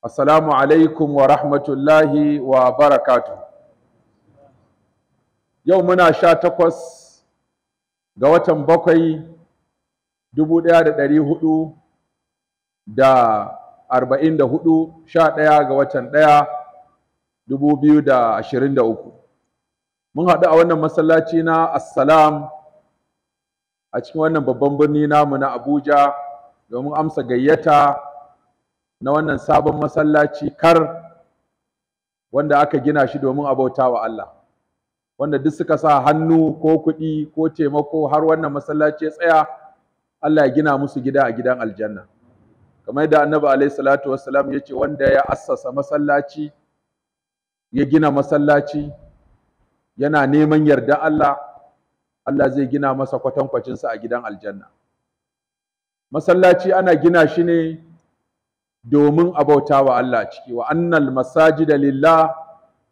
Assalamu alaikum wa rahmatullahi wa barakatu. Yau muna sha takwas ga watan bakwai dubu ɗaya da ɗari hudu da arba'in da hudu sha ɗaya ga watan ɗaya dubu biyu da ashirin da uku. Mun haɗu a wannan masallaci na Assalam a cikin wannan babban birni namu na Abuja domin amsa gayyata na wannan sabon masallaci kar wanda aka gina shi domin a wa Allah wanda duk suka sa hannu ko kuɗi ko taimako har wannan masallaci ya tsaya Allah ya gina musu gida a gidan aljanna kamar yadda annabi alaihi salatu wassalam ya ce wanda ya assasa masallaci ya gina masallaci yana neman yarda Allah Allah zai gina masa kwatankwacinsa a gidan aljanna masallaci ana gina shi ne domin a wa Allah ciki wa annal masajida lillah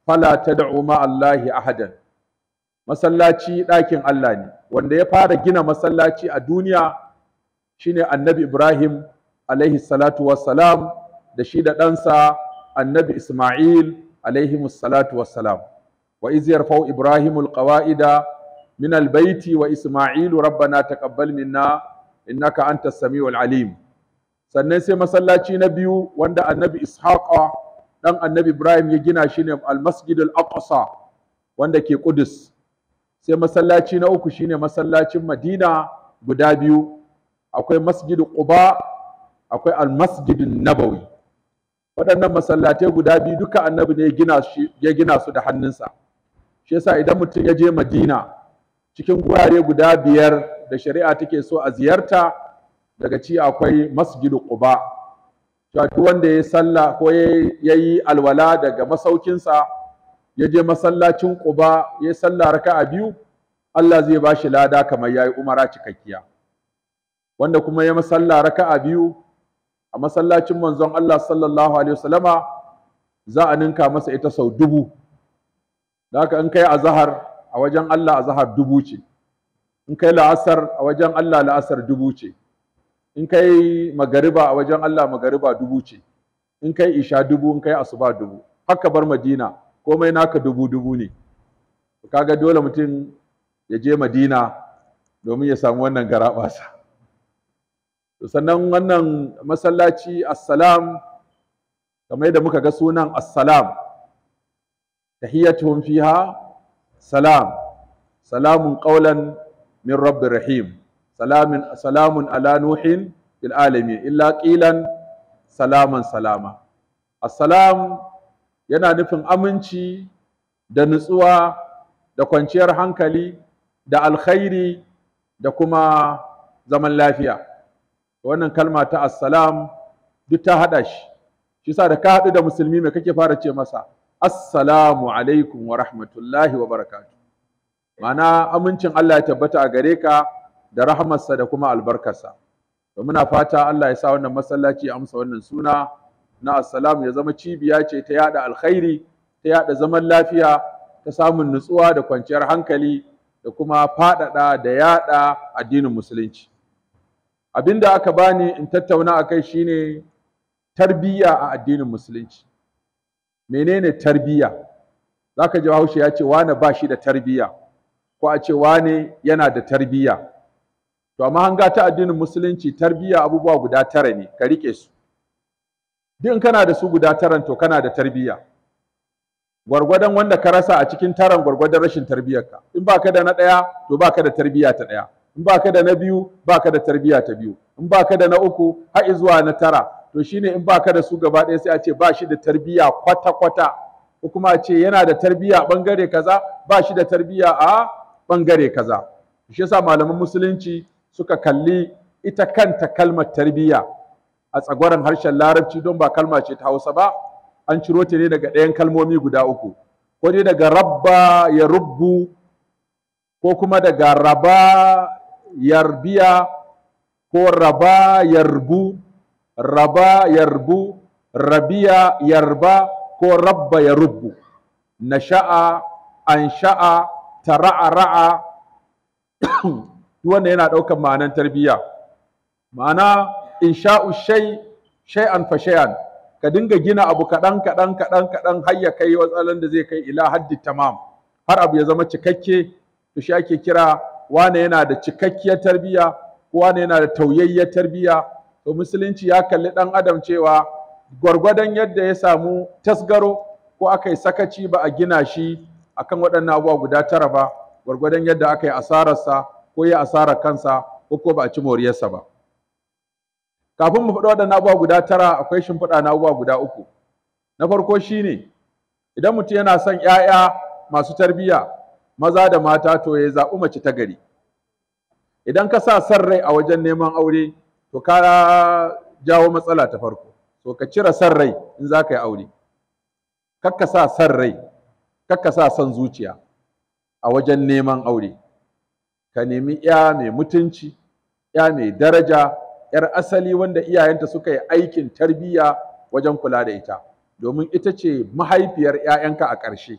fala tad'u ma Allahi ahadan masallaci ɗakin Allah ne wanda ya fara gina masallaci a duniya shine annabi Ibrahim alaihi salatu wassalam da shi da ɗansa annabi Ismail alaihi salatu wassalam wa iz yarfau Ibrahimul qawa'ida min albayti wa Ismailu rabbana taqabbal minna innaka antas samiul alim sannan sai masallaci na biyu wanda annabi ishaqa dan annabi ibrahim ya gina shi ne al-masjid al-aqsa wanda ke kudus sai masallaci na uku shine masallacin madina guda biyu akwai masjid quba akwai almasjid nabawi waɗannan masallatai guda biyu duka annabi ne ya gina su da hannunsa shi yasa idan mutum ya je madina cikin gurare guda biyar da shari'a take so a ziyarta daga ci akwai masjidu quba cewa wanda ya sallah ko ya yi alwala daga masaukinsa ya je masallacin ƙuba ya sallah raka'a biyu Allah zai ba shi lada kamar yayi umara cikakkiya wanda kuma ya masalla raka'a biyu a masallacin manzon Allah sallallahu alaihi wasallama za a ninka masa ita sau dubu da haka in kai azhar a wajen Allah azhar dubu ce in kai la'asar a wajen Allah la'asar dubu ce in kai magariba a wajen Allah magariba dubu ce in kai isha dubu in kai asuba dubu haka bar madina komai naka dubu dubu ne kaga dole mutum ya je madina domin ya samu wannan garaɓasa sannan wannan masallaci assalam kamar yadda muka ga sunan assalam tahiyyatuhum fiha salam salamun ƙaulan min rabbir rahim salamin salamun ala nuhin fil illa qilan salaman salama assalam yana nufin aminci da nutsuwa da kwanciyar hankali da alkhairi da kuma zaman lafiya wannan kalma ta assalam duk ta haɗa shi shi sa da ka haɗu da musulmi mai kake fara ce masa assalamu alaikum wa rahmatullahi wa barakatu ma'ana amincin Allah ya tabbata a gare ka da rahamarsa da kuma albarkarsa to muna fata Allah ya sa wannan masallaci ya amsa wannan suna na assalamu ya zama cibiya ce ta yada alkhairi ta yada zaman lafiya ta samun nutsuwa da kwanciyar hankali da kuma faɗaɗa da yada addinin musulunci abinda aka bani in tattauna akai shine tarbiyya a addinin musulunci menene tarbiyya zaka ji Bahaushe ya ce wane ba shi da tarbiyya ko a ce wane yana da tarbiyya to amma hanga ta addinin musulunci tarbiyya abubuwa guda tara ne ka rike su duk in kana da su guda taran to kana da tarbiyya gwargwadon wanda ka rasa a cikin taran gwargwadon rashin tarbiyyarka in baka da na ɗaya to baka da tarbiyya ta ɗaya in baka da na biyu baka da tarbiyya ta biyu in baka da na uku har zuwa na tara to shine in baka da su gaba ɗaya sai a ce ba shi da tarbiyya kwata kwata ko kuma a ce yana da tarbiyya bangare kaza ba shi da tarbiyya a bangare kaza shi yasa malaman musulunci suka kalli ita kanta kalmar tarbiyya a tsagwaron harshen larabci don ba kalma ce ta hausa ba an ciro ta ne daga ɗayan kalmomi guda uku ko dai daga rabba ya rubbu ko kuma daga raba yarbiya ko raba yarbu raba yarbu rabiya yarba ko rabba ya rubbu nasha'a ansha'a tara'a ra'a duk wannan yana ɗaukar ma'anan tarbiyya ma'ana insha'u shai shay'an fa shay'an ka dinga gina abu kaɗan kaɗan kaɗan kaɗan har ya kai watsalan da zai kai ila haddi tamam har abu ya zama cikakke to shi ake kira wane yana da cikakkiyar tarbiyya ko wane yana da tauyayyar tarbiyya to musulunci ya kalli ɗan adam cewa gwargwadon yadda ya samu tasgaro ko aka yi sakaci ba a gina shi akan waɗannan abubuwa guda tara ba gwargwadon yadda aka yi asararsa ko ya asara kansa ko ko ba a ci moriyarsa ba kafin mu faɗi waɗannan abubuwa guda tara akwai shimfiɗa na abubuwa guda uku na farko shine idan mutum yana son ‘ya'ya masu tarbiyya maza da mata to ya zaɓi mace ta gari idan ka sa san rai a wajen neman aure to ka jawo matsala ta farko to ka cire san rai in za ka yi aure kakka sa san rai kakka sa son zuciya a wajen neman aure ka nemi ya mai mutunci ya mai daraja yar asali wanda iyayenta suka yi aikin tarbiyya wajen kula da ita domin ita ce mahaifiyar 'ya'yanka a ƙarshe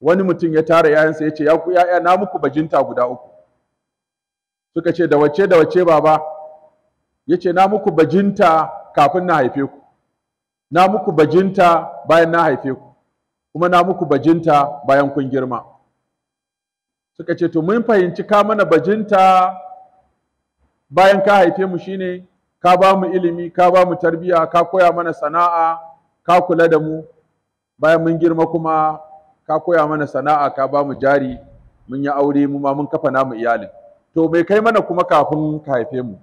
wani mutum ya tara 'ya'yansa ya ce ya ku 'ya'ya na muku bajinta guda uku suka ce da wace da wace baba ya ce na muku bajinta kafin na haife ku na muku bajinta bayan na haife ku kuma na muku bajinta bayan kun girma suka ce to mun fahimci ka mana bajinta bayan ka haife mu shine ka ba mu ilimi ka ba mu tarbiya ka koya mana sana'a ka kula da mu bayan mun girma kuma ka koya mana sana'a ka ba mu jari mun yi aure mu ma mun kafa namu iyalin to bai kai mana kuma kafin ka haife mu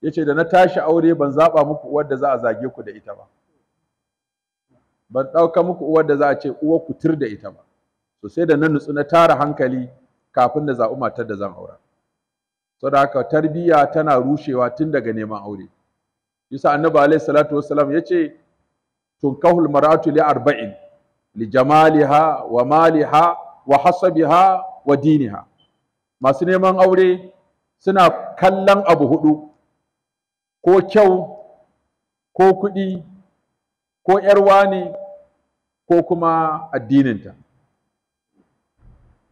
yace da na tashi aure ban zaba muku uwar da za a zage ku da ita ba ban ɗauka muku uwar da za a ce uwar ku tur da ita ba to sai da na nutsu na tara hankali kafin da zaɓi matar da zan aura saboda haka tarbiyya tana rushewa tun daga neman aure yasa annabi alaihi salatu wassalam yace tunkahul mar'atu li arba'in li jamaliha wa maliha wa hasabiha wa diniha masu neman aure suna kallon abu hudu ko kyau ko kuɗi ko 'yarwa ne ko kuma addininta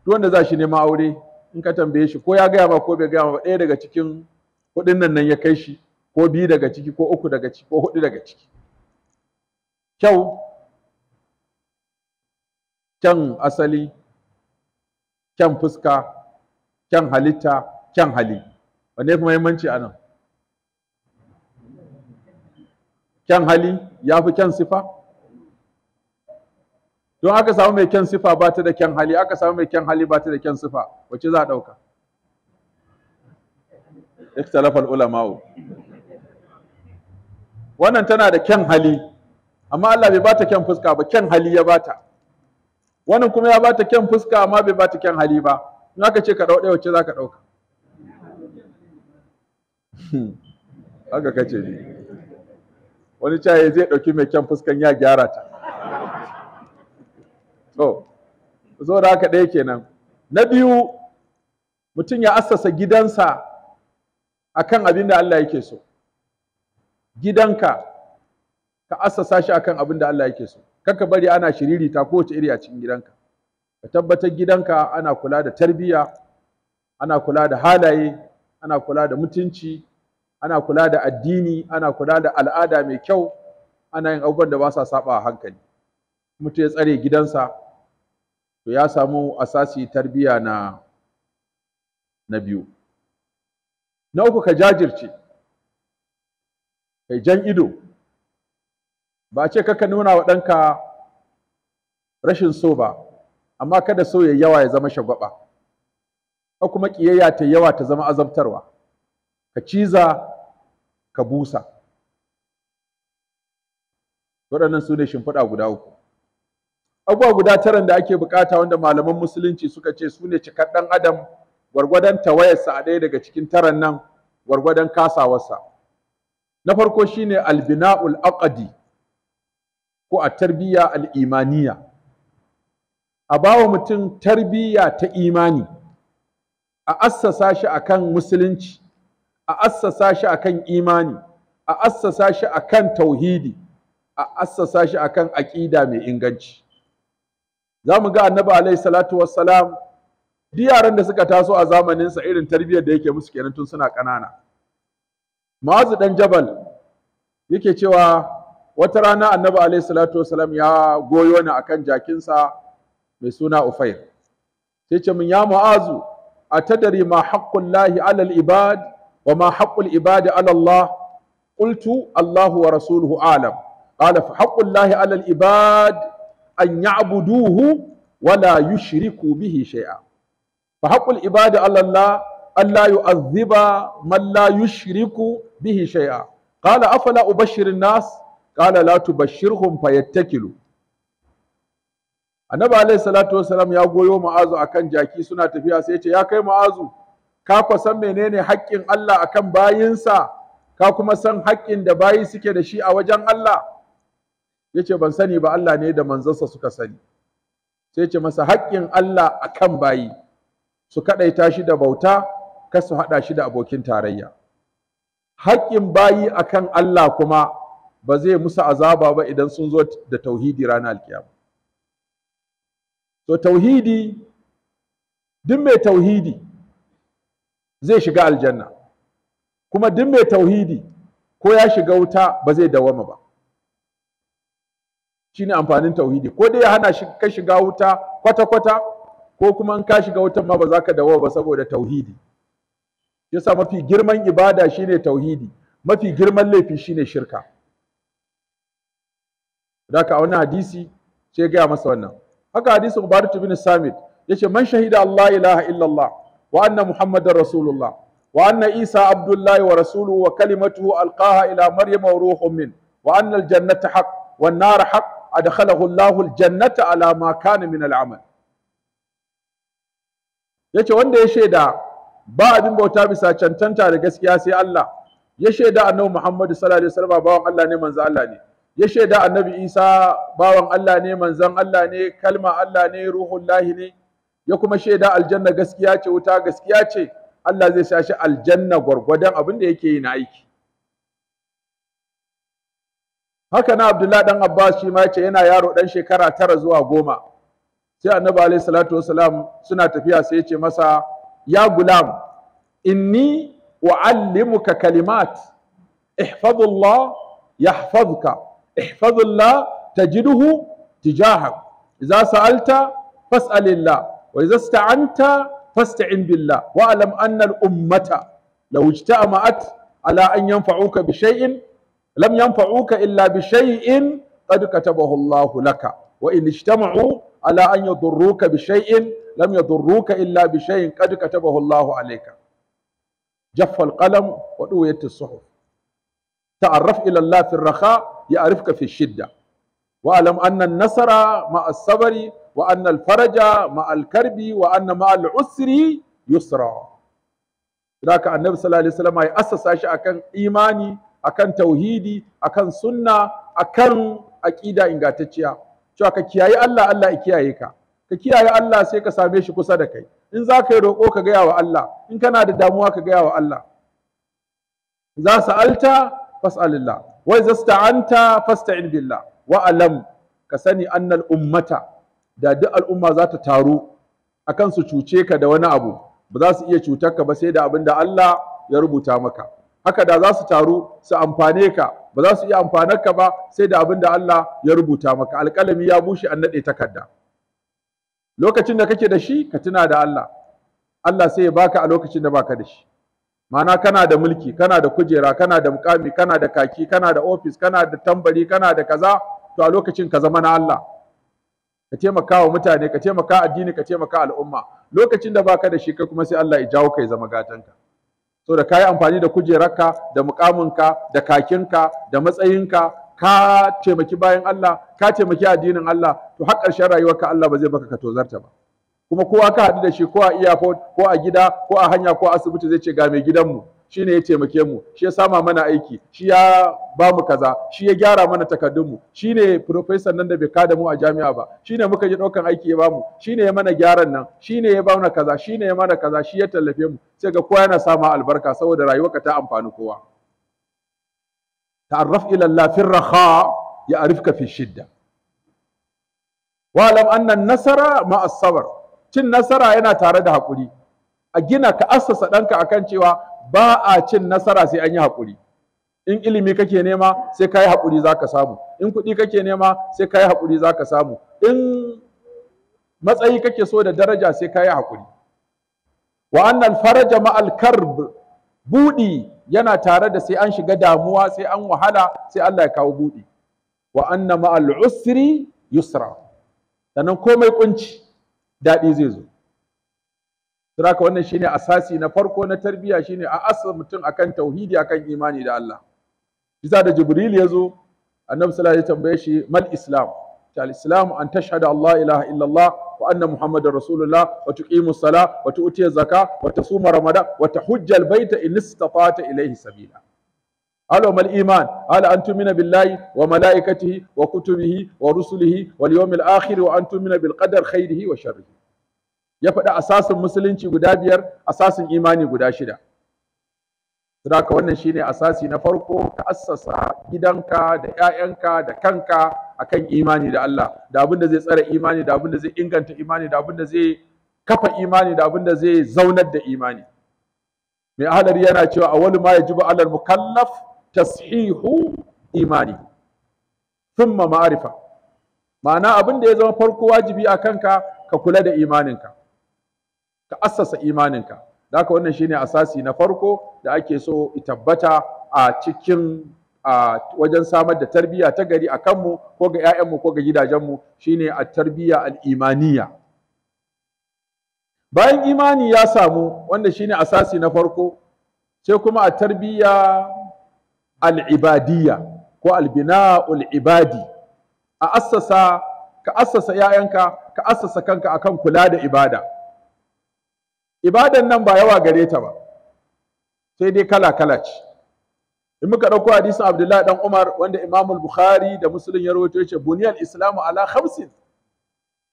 duk wanda za shi neman aure in ka tambaye shi ko ya gaya ba ko bai gaya ba, ɗaya daga cikin kuɗin nan nan ya kai shi ko biyu daga ciki ko uku daga ciki ko huɗu daga ciki kyau kyan asali kyan fuska kyan halitta kyan hali wanne ya fi muhimmanci a nan kyan hali ya fi kyan sifa don aka samu mai kyan sifa ba ta da kyan hali aka samu mai kyan hali ba ta da kyan sifa wace za a ɗauka ikhtalafal ulama'u wannan tana da kyan hali amma Allah bai bata kyan fuska ba kyan hali ya bata wannan kuma ya bata kyan fuska amma bai bata kyan hali ba in aka ce ka ɗau ɗaya wace za ka ɗauka haka kace ne wani caye zai ɗauki mai kyan fuskan ya gyara ta to zo da haka ɗaya kenan na biyu mutum ya asasa gidansa akan abin da Allah yake so gidanka ka assasa shi akan abin da Allah yake so Kanka bari ana shiririta kowace iri a cikin gidanka ka tabbatar gidanka ana kula da tarbiyya ana kula da halaye ana kula da mutunci ana kula da addini ana kula da al'ada mai kyau ana yin abubuwan da ba sa saba hankali mutum ya tsare gidansa to ya samu asasi tarbiya na na biyu na uku ka jajirce kai jan ido ba ce kaka nuna wa ɗanka rashin so ba amma kada so ya yawa ya zama shagwaba ka kuma ƙiyayya ta yawa ta zama azabtarwa ka ciza ka busa waɗannan su ne shimfiɗa guda uku abubuwa guda taran da ake bukata wanda malaman musulunci suka ce su ne cikar ɗan adam gwargwadon tawayarsa a ɗaya daga cikin taran nan gwargwadon kasawarsa na farko shine albina'ul akadi ko a tarbiyya al'imaniya a bawa mutum tarbiyya ta imani a assasa shi akan musulunci a assasa shi akan imani a assasa shi akan tauhidi a assasa shi akan aƙida mai inganci za mu ga annabi alaihi salatu wassalam duk yaran da suka taso a zamaninsa irin tarbiyyar da yake musu kenan tun suna ƙanana Mu'azu dan jabal yake cewa wata rana annabi alaihi salatu wassalam ya goyo ni akan jakinsa mai suna ufair sai ce min ya mu'azu atadari ma haqqul lahi alal ibad wa ma haqqul ibadi ala allah qultu allah wa rasuluhu alam qala lahi alal ibad an ya'buduhu wala yushriku bihi shay'a fa haqqul ibadi ala Allah alla yu'adhiba man la yushriku bihi shay'a qala afala ubashshiru an-nas qala la tubashshirhum fayattakilu annabi alayhi salatu wasalam ya goyo ma'azu akan jaki suna tafiya sai ya ce ya kai ma'azu ka kwa san menene haƙƙin Allah akan bayinsa ka kuma san haƙƙin da bayi suke da shi a wajen Allah ce ban sani ba Allah ne da manzansa suka sani sai ce masa haƙƙin Allah a kan bayi su kaɗaita shi da bauta kar su haɗa shi da abokin tarayya haƙƙin bayi a kan Allah kuma ba zai musu azaba ba idan sun zo da tauhidi ranar alkiyama to tauhidi duk mai tauhidi zai shiga aljanna kuma duk mai tauhidi ko ya shiga wuta ba zai dawama ba shine amfanin tauhidi ko dai ya hana shi ka shiga wuta kwata kwata ko kuma in ka shiga wutan ma ba za ka dawo ba saboda tauhidi yasa mafi girman ibada shine tauhidi mafi girman laifi shine shirka Da ka wani hadisi sai gaya masa wannan haka hadisin Ubadat bin Samit yace man shahida Allah ilaha illallah wa anna Muhammadar Rasulullah wa anna Isa abdullahi wa rasuluhu wa kalimatuhu alqaha ila Maryam wa ruhun min wa anna aljannata haqq nar haqq adkhalahu Allahu aljannata ala ma kana min al'amal yace wanda ya shaida ba abin bauta bisa cancanta da gaskiya sai Allah ya shaida annabi Muhammad sallallahu alaihi wasallam bawan Allah ne manzo Allah ne ya shaida annabi Isa bawan Allah ne manzon Allah ne kalma Allah ne ruhullahi ne ya kuma shaida aljanna gaskiya ce wuta gaskiya ce Allah zai sa shi aljanna gwargwadon abin da yake yi na aiki haka na abdullahi dan abbas shi ma yace yana yaro dan shekara tara zuwa goma sai annabi alaihi salatu wasalam suna tafiya sai yace masa ya gulam inni uallimuka kalimat ihfazullah yahfazuka ihfazullah tajiduhu tijahak idza sa'alta fas'alillah wa idza ista'anta fasta'in billah wa alam anna al ummata law ijtama'at ala an yanfa'uka bi shay'in لم ينفعوك إلا بشيء قد كتبه الله لك وإن اجتمعوا على أن يضروك بشيء لم يضروك إلا بشيء قد كتبه الله عليك جف القلم ودوية الصحف تعرف إلى الله في الرخاء يعرفك في الشدة واعلم أن النصر مع الصبر وأن الفرج مع الكرب وأن مع العسر يسرا ذاك النبي صلى الله عليه وسلم أسس أشياء كان إيماني akan tauhidi akan sunna akan Aqida, ingantacciya cewa ka kiyaye Allah Allah ya kiyaye ka ka kiyaye Allah sai ka same shi kusa da kai in za ka yi roƙo ka gaya wa Allah in kana da damuwa ka gaya wa Allah za su alta fas'alillah wa iza sta'anta fasta'in billah wa alam ka sani annal ummata da duk al'umma za ta taru akan su cuce ka da wani abu ba za su iya cutar ka ba sai da abin da Allah ya rubuta maka haka da za su taru su amfane ka ba za su iya amfanar ka ba sai da abin da Allah ya rubuta maka alƙalami ya bushe an naɗe takarda lokacin da kake da shi ka tuna da Allah Allah sai ya baka a lokacin da baka da shi Mana kana da mulki kana da kujera kana da mukami kana da kaki kana da ofis kana da tambari kana da kaza to a lokacin ka zama na Allah ka taimaka wa mutane ka taimaka addini ka taimaka al'umma lokacin da baka da shi kai kuma sai Allah ya jawo kai zama gatanka so da yi amfani da kujerarka da mukaminka da kakinka da matsayinka ka taimaki bayan Allah ka taimaki addinin Allah to har ƙarshen rayuwarka Allah ba zai baka ka tozarta ba kuma kowa ka haɗu da shi ko a airport ko a gida ko a hanya ko a asibiti zai ce ga mai gidanmu Shi ne ya taimake mu shi ya sama mana aiki shi ya ba mu kaza shi ya gyara mana takardunmu ne profesa nan da bai kada mu a jami'a ba Shi ne muka yi ɗaukan aiki ya ba mu ne ya mana gyaran nan Shi ne ya ba mu kaza ne ya mana kaza shi ya tallafe mu sai ga kowa yana sama albarka saboda rayuwarka ta amfani kowa ta'arraf ila Allah raha ya arifka fi shidda wa'lam anna nasara nasara as sabr cin nasara yana tare da hakuri a gina ka assasa ɗanka akan cewa ba a cin nasara sai an yi haƙuri in ilimi kake nema sai ka yi haƙuri za ka samu in kuɗi kake nema sai ka yi haƙuri za ka samu in matsayi kake so da daraja sai ka yi haƙuri wa annal faraja ma'al karb buɗi yana tare da sai an shiga damuwa sai an wahala sai Allah ya kawo buɗi wa anna ma'al usri yusra sannan komai kunci daɗi zai zo Saboda wannan shine asasi na farko na tarbiyya shine a asa mutum akan tauhidi akan imani da Allah. Bisa da Jibril ya zo Annabi sallallahu alaihi tambaye shi mal Islam. Ta al-Islam an tashhadu Allah ilaha illallah wa anna Muhammadar Rasulullah wa tuqimu sala wa tu'ti zaka wa tasuma ramadan wa tahujja al-baita in istata'ta ilayhi sabila. قال وما الإيمان wa أن wa بالله وملائكته وكتبه wa an الآخر وأن تؤمن khairihi wa وشره ya faɗi asasin musulunci guda biyar asasin imani guda shida saboda wannan shine asasi na farko ka assasa gidanka da 'ya'yanka da kanka akan imani da Allah da abin da zai tsare imani da abin da zai inganta imani da abin da zai kafa imani da abin da zai zaunar da imani mai ahalar yana cewa awwalu ma yajibu alal mukallaf tashihu imani thumma maarifa. ma'ana abin da ya zama farko wajibi a kanka ka kula da imaninka ka assasa imaninka da haka wannan shine asasi na farko da ake so tabbata a cikin a wajen samar da tarbiyya ta gari a kanmu ko ga 'ya'yanmu ko ga gidajenmu shine a tarbiyya al'imaniya bayan imani ya samu wanda shine asasi na farko sai kuma a tarbiyya al'ibadiyya ko albina'ul ibadi a assasa ka assasa 'ya'yanka ka assasa kanka akan kula da ibada ibadan nan ba yawa gare ta ba sai dai kala kala ce in muka ɗauko hadisin abdullahi dan umar wanda imam bukhari da muslim ya rawaito yace buniyal islamu ala khamsin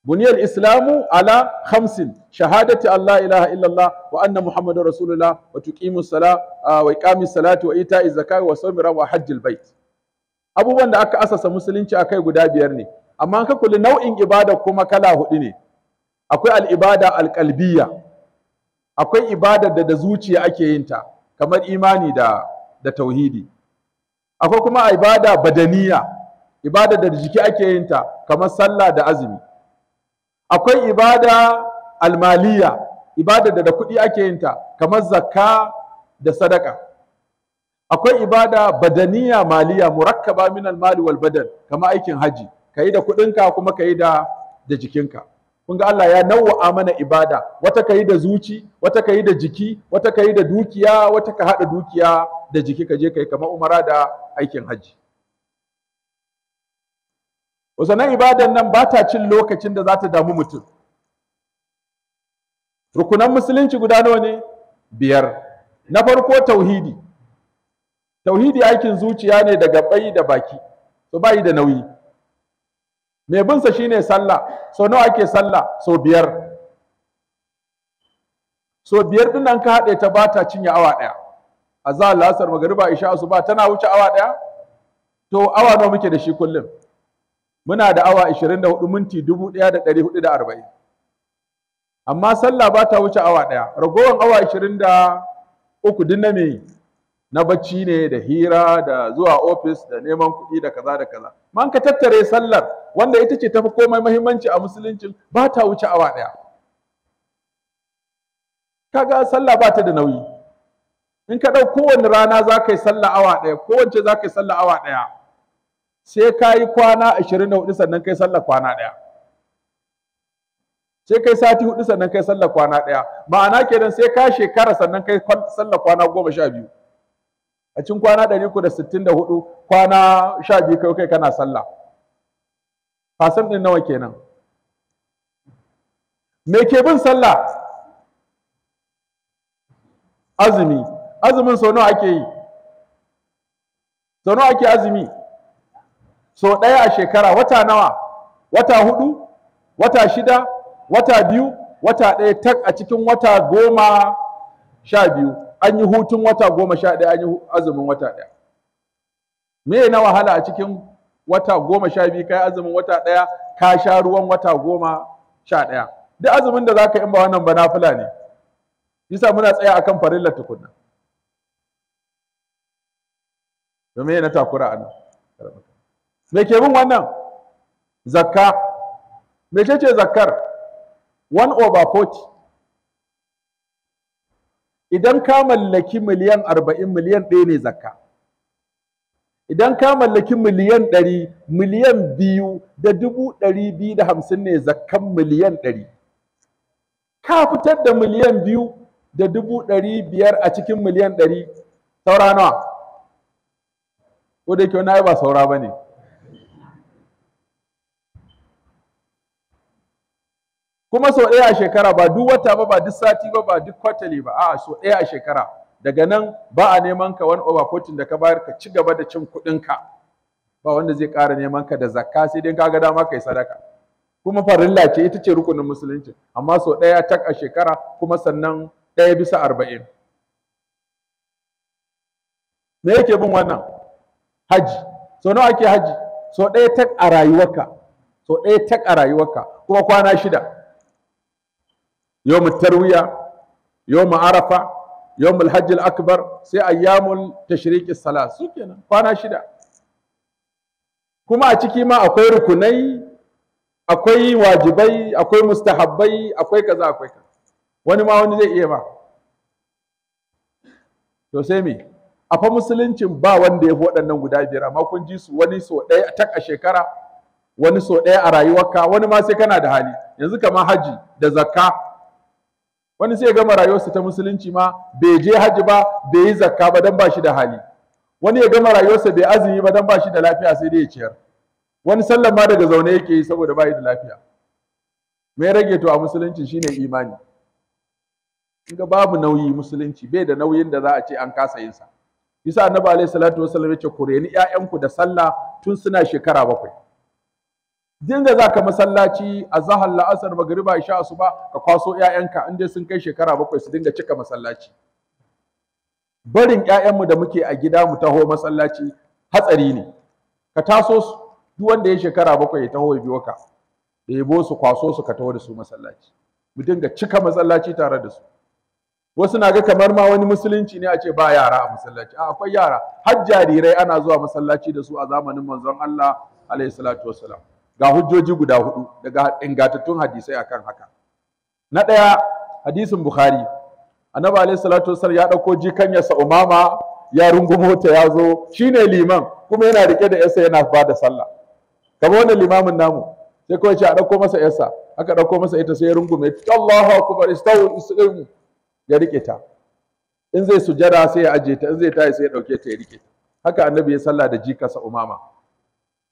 buniyal islamu ala khamsin shahadati allah ilaha illallah wa anna muhammadar rasulullah wa tuqimus sala wa iqamis salati wa ita'iz zakati wa sawmi wa hajjil bait abubuwan da aka asasa musulunci akai guda biyar ne amma ka kulli nau'in ibada kuma kala hudu ne akwai al ibada al qalbiyya akwai ibadar da da zuciya ake yin ta kamar imani da da tauhidi akwai kuma ibada badaniya ibada da jiki ake yin ta kamar sallah da azumi akwai ibada almaliya ibada da da kuɗi ake yin ta kamar zakka da sadaka akwai ibada badaniya maliya murakkaba min almali wal badan kamar aikin haji kayi da kuɗinka kuma kayi da da jikinka kun ga Allah ya nawwa'a mana ibada wata ka yi da zuci wata ka yi da jiki wata ka yi da dukiya wata ka haɗa dukiya da jiki ka je ka yi kamar umara da aikin hajji wasannan ibadan nan ba ta cin lokacin da za ta damu mutum rukunan musulunci guda nawa ne biyar na farko tauhidi tauhidi aikin zuciya ne daga bai da baki to bayi da nauyi mai binsa shine sallah so nawa ake sallah Sau biyar so biyar din nan ka haɗe ta bata cinye awa ɗaya azza lasar magariba isha asuba tana wuce awa ɗaya to awa nawa muke da shi kullum muna da awa 24 minti 1440 amma sallah bata wuce awa ɗaya ragowar awa 23 din na me na bacci ne da hira da zuwa ofis da neman kuɗi da kaza da kaza man ka tattare sallar wanda ita ce tafi komai mahimmanci a musulunci ba ta wuce awa ɗaya kaga sallah ba ta da nauyi in ka ɗau kowane rana za ka yi sallah awa ɗaya kowace za ka yi sallah awa ɗaya sai ka yi kwana ashirin da hudu sannan ka yi sallah kwana ɗaya sai kai sati hudu sannan kai sallar kwana ɗaya ma'ana kenan sai ka shekara sannan kai sallar kwana goma sha biyu a cikin kwana 364 kwana 12 kai kai kana sallah Fasan din nawa kenan me ke bin sallah azumi azumin sau nawa ake yi sau nawa ake azumi sau ɗaya a shekara wata nawa wata hudu wata shida wata biyu wata ɗaya tak a cikin wata goma sha biyu an yi hutun wata goma sha ɗaya an yi azumin wata ɗaya me na wahala a cikin wata goma sha biyu kai azumin wata ɗaya ka sha ruwan wata goma sha ɗaya duk azumin da za ka yi ba wannan ba nafila ne yasa muna tsaya a kan farillar tukunna domin na takura a nan me ke bin wannan zakka Me ce zakkar One over forty. idan ka mallaki miliyan arba'in miliyan ɗaya ne zakka idan ka mallaki miliyan ɗari miliyan biyu da dubu ɗari biyu da hamsin ne zakkan miliyan ɗari ka fitar da miliyan biyu da dubu ɗari biyar a cikin miliyan ɗari saura nawa ko da kyau na yi ba saura ba ne kuma sau ɗaya a shekara ba duk wata ba ba duk sati ba ba duk kwatali ba a'a sau ɗaya a shekara daga nan ba a neman ka wani over da ka bayar ka ci gaba da cin kuɗin ka ba wanda zai ƙara neman ka da zakka sai dai ka ga dama kai sadaka kuma farilla ce ita ce rukunin musulunci amma sau ɗaya tak a shekara kuma sannan ɗaya bisa arba'in me yake bin wannan haji sau nawa ake haji sau ɗaya tak a rayuwarka sau ɗaya tak a rayuwarka kuma kwana shida Yau yawm tarwiya mu arafa yawm alhajj akbar sai ayyamul tashriq as su kenan kwana shida kuma a ciki ma akwai rukunai akwai wajibai akwai mustahabbai akwai kaza akwai kaza wani ma wani zai iya ma to sai me a fa musuluncin ba wanda ya fi waɗannan guda biyar amma kun ji wani so ɗaya tak a shekara wani so ɗaya a rayuwarka wani ma sai kana da hali yanzu kamar haji da zakka wani sai ya gama rayuwarsa ta musulunci ma bai je hajji ba bai yi zakka ba dan ba shi da hali wani ya gama rayuwarsa bai azumi ba dan ba shi da lafiya sai dai ya ciyar wani sallan ma daga zaune yake yi saboda ba da lafiya mai rage to a musulunci shine imani ga babu nauyi musulunci bai da nauyin da za a ce an kasa yin sa yasa annabi alaihi salatu wasallam yace ku reni ƴaƴanku da sallah tun suna shekara bakwai Dinga za ka masallaci a zahar la'asar magariba isha ba, ka kwaso 'ya'yanka, in dai sun kai shekara bakwai su dinga cika masallaci barin 'ya'yanmu da muke a gida mu taho masallaci hatsari ne ka taso su duk wanda ya shekara bakwai ya taho ya biyo ka da yabo su kwaso su ka taho da su masallaci mu dinga cika masallaci tare da su wasu na ga kamar ma wani musulunci ne a ce ba yara a masallaci a akwai yara har jarirai ana zuwa masallaci da su a zamanin manzon Allah alaihi salatu wassalam ga hujjoji guda hudu daga ingantattun hadisai akan haka na ɗaya hadisin bukhari annabi alaihi salatu wasallam ya ɗauko sa umama ya rungumo ta ya zo shine liman kuma yana rike da yasa yana ba da sallah kamar wannan limamin namu sai kawai ce a dauko masa yasa aka ɗauko masa ita sai ya rungume Allahu akbar istawu islimu ya rike ta in zai sujada sai ya aje ta in zai tayi sai ya dauke ta ya rike haka annabi ya salla da jikan sa umama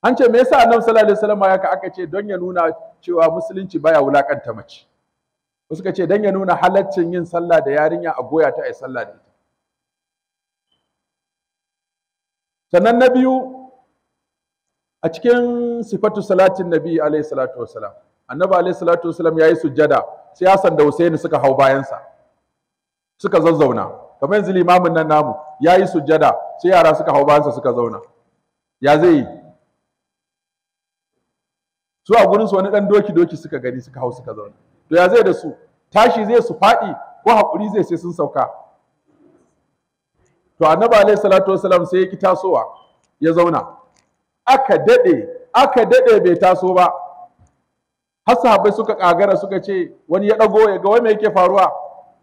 an ce me yasa annabi sallallahu alaihi wasallam ya aka ce don ya nuna cewa musulunci baya wulakanta mace Suka ce don ya nuna halaccin yin sallah da yarinya a goya ta a sallah da ita sannan na biyu a cikin sifatu salatin nabi alaihi salatu wasallam. annabi alaihi salatu wasallam yayi sujjada sai Hassan da Husaini suka hau bayansa suka zazzauna kamar yanzu limamin nan namu yayi sujjada sai yara suka hau sa suka zauna ya zai yi Zuwa a gurin su wani dan doki doki suka gani suka hau suka zauna to ya zai da su tashi zai su faɗi ko hakuri zai sai sun sauka to annabi alayhi salatu wasalam sai ya ki tasowa ya zauna aka dade aka dade bai taso ba har sahabbai suka kagara suka ce wani ya dago ya ga wai me yake faruwa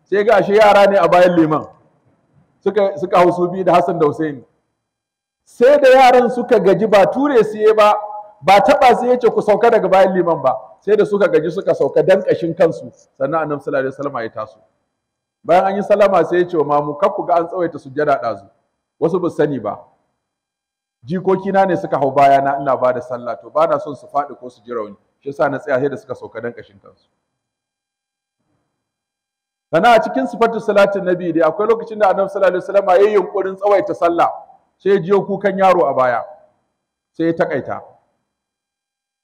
sai ga ashe yara ne a bayan liman suka suka hau da Hassan da Hussein sai da yaran suka gaji ba ture siye ba ba taba sai yace ku sauka daga bayan liman ba sai da suka gaji suka sauka dan kashin kansu sannan annabi sallallahu alaihi wasallam ya taso bayan an yi salama sai yace wa mamu kar ku ga an tsawaita sujjada dazu wasu ba sani ba jikokina ne suka hau bayana ina ba da sallah to ba na son su faɗi ko su ji rauni shi yasa na tsaya sai da suka sauka dan kashin kansu sana a cikin sifatu salatin nabi dai akwai lokacin da annabi sallallahu alaihi wasallam ya yi yunkurin tsawaita sallah sai ya jiyo kukan yaro a baya sai ya takaita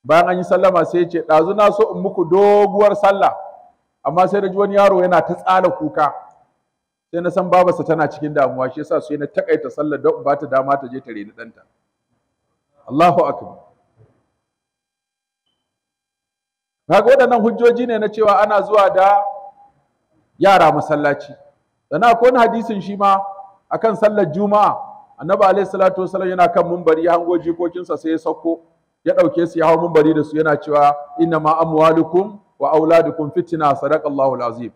bayan an yi sallama sai ya ce ɗazu na so in muku doguwar sallah amma sai da ji wani yaro yana ta tsala kuka sai na san babarsa tana cikin damuwa shi yasa sai na takaita sallar don ba ta dama ta je ta reni ɗanta Allahu akbar kaga waɗannan hujjoji ne na cewa ana zuwa da yara masallaci sannan akwai wani hadisin shi ma akan sallar juma'a annabi alaihi salatu wasallam yana kan mumbari hango jikokinsa sai ya sauko ya ɗauke su ya hau bari da su yana cewa inna ma amwalukum wa auladukum fitna sadaqallahu alazim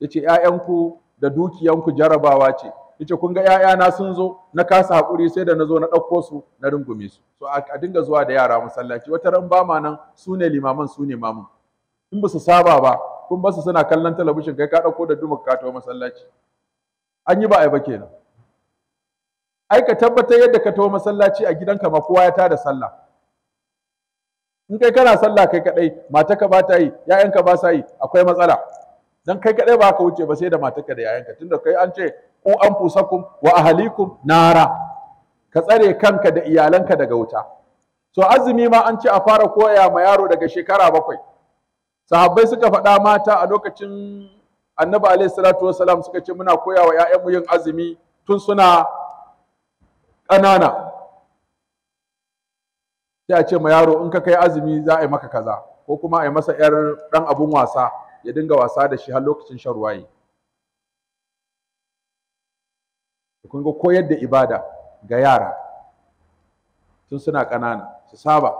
yace ƴaƴanku da dukiyanku jarabawa ce yace kun ga ƴaƴana sun zo na kasa hakuri sai da na zo na ɗauko su na rungume su so a dinga zuwa da yara masallaci wata ran ba ma nan sune limaman su mamun in ba su saba ba kun ba su suna kallon talabishin kai ka ɗauko da duma ka tawo masallaci an yi ba ai ba kenan ai ka tabbatar yadda ka tawo masallaci a gidanka ma kowa ya tada sallah in kai kana sallah kai kadai ka ba ta yi ka ba sa yi akwai matsala dan kai kadai ba ka wuce ba sai da ka da ka tunda kai an ce ku anfusakum wa ahlikum nara ka tsare kanka da iyalanka daga wuta To azumi ma an ce a fara koya ma yaro daga shekara bakwai sahabbai suka faɗa mata a lokacin annabi alaihi salatu suka ce muna koya wa ƴaƴanmu yin azumi tun suna ƙanana sai a ce ma yaro in ka kai azumi za a yi maka kaza ko kuma a yi masa yar dan abun wasa ya dinga wasa da shi har lokacin shan ruwaye kun ga koyar da ibada ga yara tun suna ƙanana su saba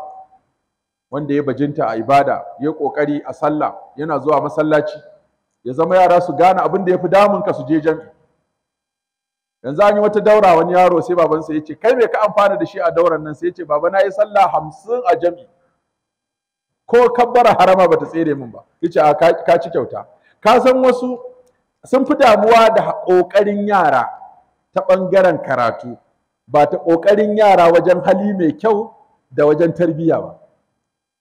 wanda ya bajinta a ibada ya ƙoƙari a sallah yana zuwa masallaci ya zama yara su gane abin da ya fi damun ka su je jami'a yanzu an yi wata daura wani yaro sai babansa ya ce kai me ka amfana da shi a dauran nan sai ya ce baba na yi sallah hamsin a jami ko kabbara harama bata tsere min ba ya a ka ci kyauta ka san wasu sun fi damuwa da kokarin yara ta bangaren karatu ba ta kokarin yara wajen hali mai kyau da wajen tarbiyya ba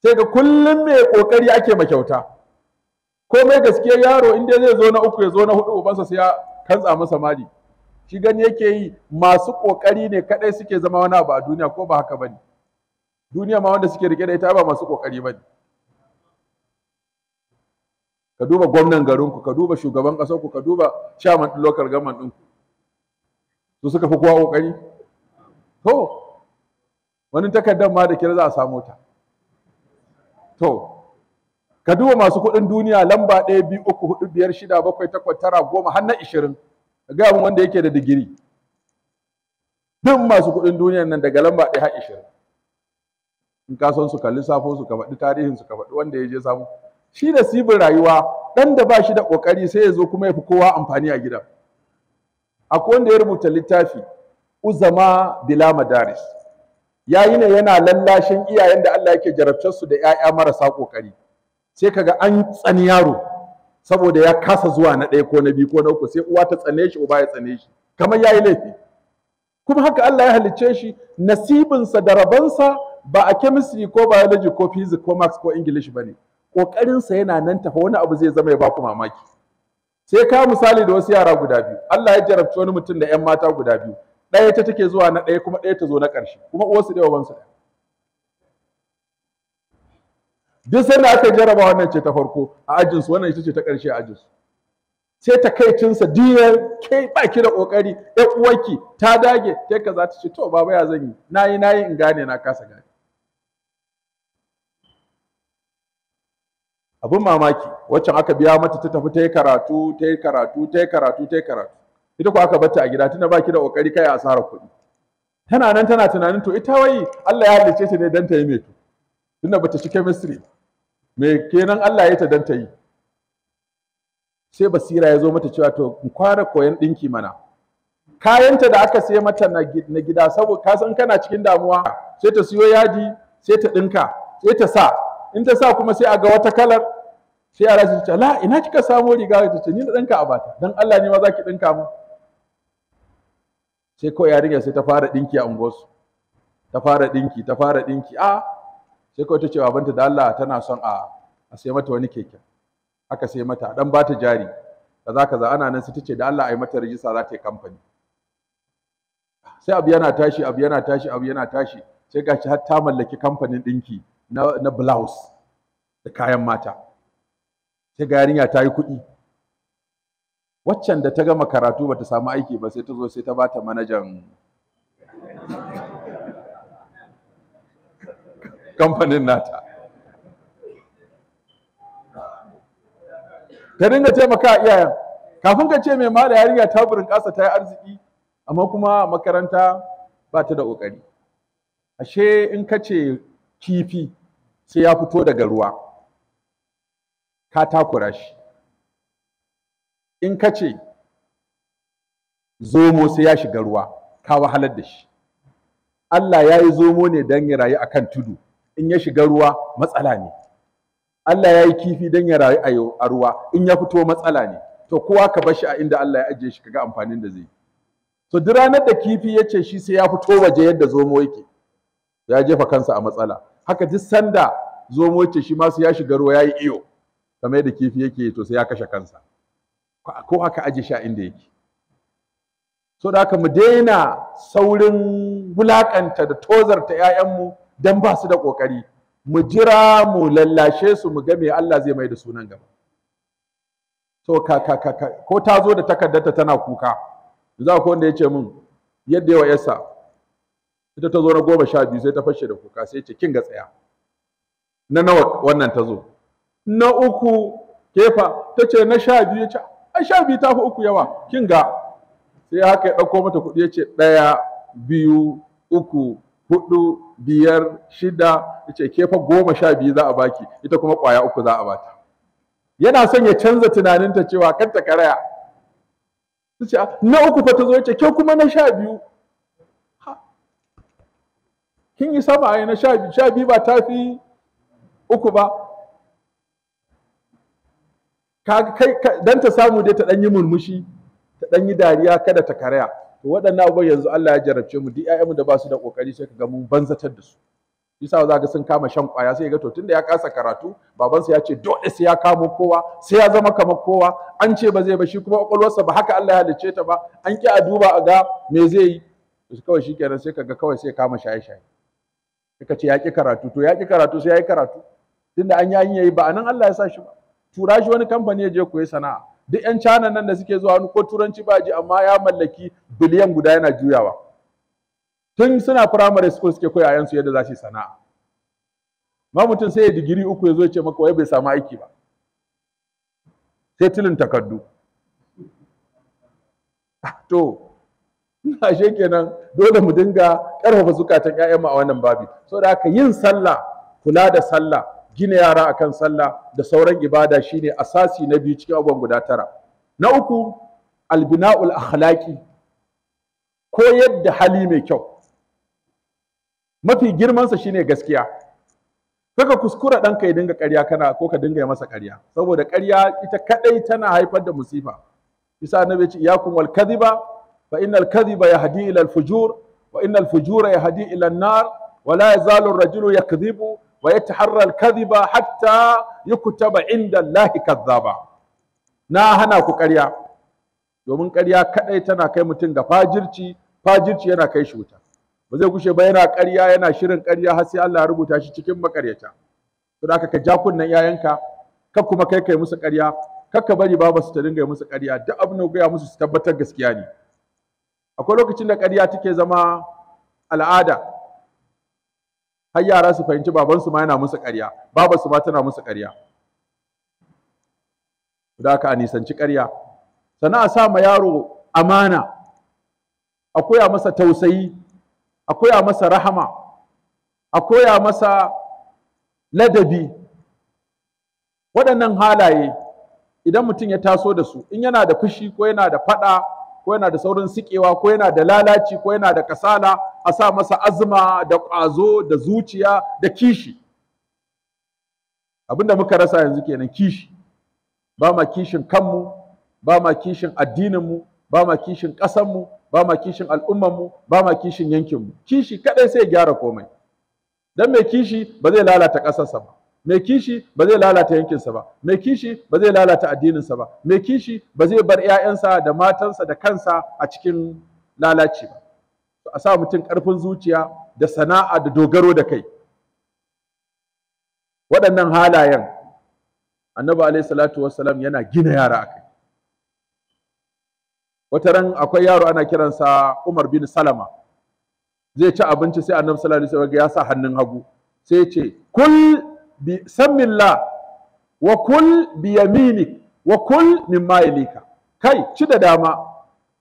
sai ga kullum mai kokari ake ma kyauta komai gaskiya yaro inda zai zo na uku ya zo na hudu ubansa sai ya kantsa masa mali shi gani yake yi masu kokari ne kadai suke zama wani abu a duniya ko ba haka bane duniya ma wanda suke rike da ita ba masu kokari bane ka duba gwamnan garinku ka duba shugaban ku, ka duba chairman din local government ku su suka fi kowa ƙoƙari to wani takardar ma da kira za a samu ta to ka duba masu kuɗin duniya lamba ɗaya biyu uku huɗu, biyar shida bakwai takwas tara goma har na ishirin ga mu wanda yake da digiri duk masu kuɗin duniyar nan daga lamba ɗaya har ishirin in ka san su kalli safo su ka faɗi tarihin su ka faɗi wanda ya samu shi da sibin rayuwa ɗan da ba shi da ƙoƙari sai ya zo kuma ya fi kowa amfani a gidan akwai wanda ya rubuta littafi uzama bila madaris ya yi ne yana lallashin iyayen da Allah yake jarabtar su da 'ya'ya marasa ƙoƙari sai kaga an tsani yaro saboda ya kasa zuwa na ɗaya ko na biyu ko na uku sai uwa ta tsane shi uba ya tsane shi kamar yayi laifi kuma haka Allah ya halicce shi nasibinsa da rabansa ba a chemistry ko biology ko physics ko maths ko english bane kokarinsa yana nan tafa wani abu zai zama ya ba ku mamaki sai ka misali da wasu yara guda biyu Allah ya jarabci wani mutum da ƴan mata guda biyu ɗaya ta take zuwa na ɗaya kuma ɗaya ta zo na ƙarshe kuma uwarsu ɗaya ubansu ɗaya duk sanda aka jaraba wannan ce ta farko a ajinsu wannan ita ce ta ƙarshe a ajinsu sai ta kai takaicinsa diya ke baki da kokari ɗan uwarki ta dage ta za ta ce to baba ya zan yi nayi nayi in gane na kasa gane abin mamaki waccan aka biya mata ta tafi ta yi karatu ta yi karatu ta yi karatu ta yi karatu ita ko aka bata a gida tana baki da kokari kai asarar kuɗi tana nan tana tunanin to ita wai Allah ya halicce ta ne dan ta yi to tunda bata ci chemistry me kenan Allah ya ta dan ta yi sai basira ya zo mata cewa to in kwara koyan dinki mana kayanta da aka sai mata na gida saboda ka san kana cikin damuwa sai ta siyo yadi sai ta dinka sai ta sa in ta sa kuma sai a ga wata kalar sai a rasa ta la ina kika samo riga ta ce ni na dinka a bata dan Allah ne ma zaki dinka mu sai kawai yarinya sai ta fara dinki a unguwarsu ta fara dinki ta fara dinki a ah, sai kawai ta ce babanta da Allah tana son a a sai mata wani keke aka sai mata dan ba ta jari kaza kaza ana nan sai ta ce da Allah ai mata rijista za ta yi kamfani sai abu yana tashi abu yana tashi abu yana tashi sai gashi har ta mallaki kamfanin dinki na na blouse da kayan mata sai ga yarinya ta yi kuɗi waccan da ta gama karatu bata samu aiki ba sai ta zo sai ta bata manajan kamfanin nata ta dinga taimaka iyayen kafin ka ce mai mala yarinya ta burin kasa ta yi arziki amma kuma makaranta ba ta da ƙoƙari ashe in ka ce kifi sai ya fito daga ruwa ka takura shi in ka ce zomo sai ya shiga ruwa ka wahalar da shi Allah ya yi zomo ne don ya rayu a kan tudu in ya shiga ruwa matsala ne Allah ya yi kifi don ya rayu a ruwa in ya fito matsala ne to kowa ka bar shi a inda Allah ya ajiye shi kaga amfanin da zai to duk ranar da kifi ya ce shi sai ya fito waje yadda zomo yake ya jefa kansa a matsala haka duk sanda zomo ce shi ma sai ya shiga ruwa ya yi iyo kamar yadda kifi yake to sai ya kashe kansa ko aka aje shi a inda yake so da haka mu daina saurin wulaƙanta da tozarta 'ya'yanmu dan ba su da kokari mu jira mu lallashe su mu ga me Allah zai mai da sunan gaba so ka ka ka ko ta zo da takardarta tana kuka za ku wanda ya ce min yadda yawa yasa ita ta zo na goma sha biyu sai ta fashe da kuka sai ce kin ga tsaya na nawa wannan ta zo na uku kefa ta ce na sha biyu ya ce ai sha biyu ta fi uku yawa kin ga sai haka ya ɗauko mata kuɗi ya ce ɗaya biyu uku hudu biyar shida yace ke fa goma sha biyu za a baki ita kuma kwaya uku za a bata yana son ya canza tunaninta cewa kar ta karaya tace na uku fa ta zo yace ke kuma na sha biyu kin yi sama ai na sha biyu sha biyu ba ta fi uku ba ka kai dan ta samu dai ta dan yi murmushi ta dan yi dariya kada ta karaya to waɗannan abubuwan yanzu Allah ya jarabce mu duk ƴaƴanmu da ba su da kokari sai kaga mun banzatar da su yasa za ka sun kama shan kwaya sai ga to tunda ya kasa karatu babansa ya ce dole sai ya kamo kowa sai ya zama kamar kowa an ce ba zai ba shi kuma kwakwalwarsa ba haka Allah ya halicce ta ba an ki a duba a ga me zai yi kawai shikenan sai kaga kawai sai kama shaye-shaye kika ce ya ki karatu to ya ki karatu sai ya yi karatu tunda an yayin yayi ba anan Allah ya sa shi ba tura shi wani kamfani ya je koyi sana'a duk yan China nan da suke zuwa ko turanci ba ji amma ya mallaki biliyan guda yana juyawa tun suna primary school suke koya yansu yadda za su yi sana'a ma mutum sai ya digiri uku ya zo ya ce maka wai bai samu aiki ba sai tilin takardu ah, to ashe kenan dole mu dinga ƙarfafa zukatan 'ya'yanmu a wannan babi saboda haka yin sallah kula da sallah gina yara akan sallah da sauran ibada shine asasi na biyu cikin abubuwan guda tara na uku albina'ul akhlaqi ko yadda hali mai kyau mafi girmansa shine gaskiya kaka kuskura ɗanka ya dinga ƙarya kana ko ka dinga masa ƙarya saboda ƙarya ita kaɗai tana haifar da musifa bisa annabi ce iyakum wal kadhiba fa innal kadhiba yahdi ila al fujur wa innal fujura yahdi ila an nar wa la yazalu ar-rajulu yakdhibu wa har al ba hatta yuktaba inda Allah ba. na hana ku ƙarya domin ƙarya kadai tana kai mutum ga fajirci fajirci yana kai shi wuta ba zai kushe ba yana ƙarya yana shirin ƙarya har sai Allah ya rubuta shi cikin makaryata to da ka ja kunnen yayanka ka kuma kai kai musu ƙarya ka bari baba su ta dinga musu ƙarya duk abin da gaya musu su tabbatar gaskiya ne akwai lokacin da ƙarya take zama al'ada har yara su fahimci babansu ma yana musu ƙarya su ma tana musu ƙarya da ka a nisanci ƙarya sannan a sa ma yaro amana a koya masa tausayi a koya masa rahama a koya masa ladabi waɗannan halaye idan mutum ya taso da su in yana da fushi ko yana da faɗa ko yana da saurin sikewa ko yana da lalaci ko yana da kasala a sa masa azma da ƙwazo da zuciya da kishi abinda muka rasa yanzu kenan kishi ba ma kishin kanmu ba ma kishin addininmu ba ma kishin ƙasanmu ba ma kishin al'ummanmu ba ma kishin yankinmu kishi kaɗai sai gyara komai dan mai kishi ba zai lalata ƙasarsa ba mai kishi ba zai lalata yankinsa ba mai kishi ba zai lalata addininsa ba mai kishi ba zai bar 'ya'yansa da matansa da kansa a cikin lalaci ba a sa mutum ƙarfin zuciya da sana'a da dogaro da kai waɗannan halayen annabi alaihi salatu wassalam yana gina yara a kai wata ran akwai yaro ana kiransa umar bin salama zai ci abinci sai annabi sallallahu alaihi wasallam ya sa hannun hagu sai ya ce kul bisammillah wa kul biyaminik wa kul mimma yalika kai ci da dama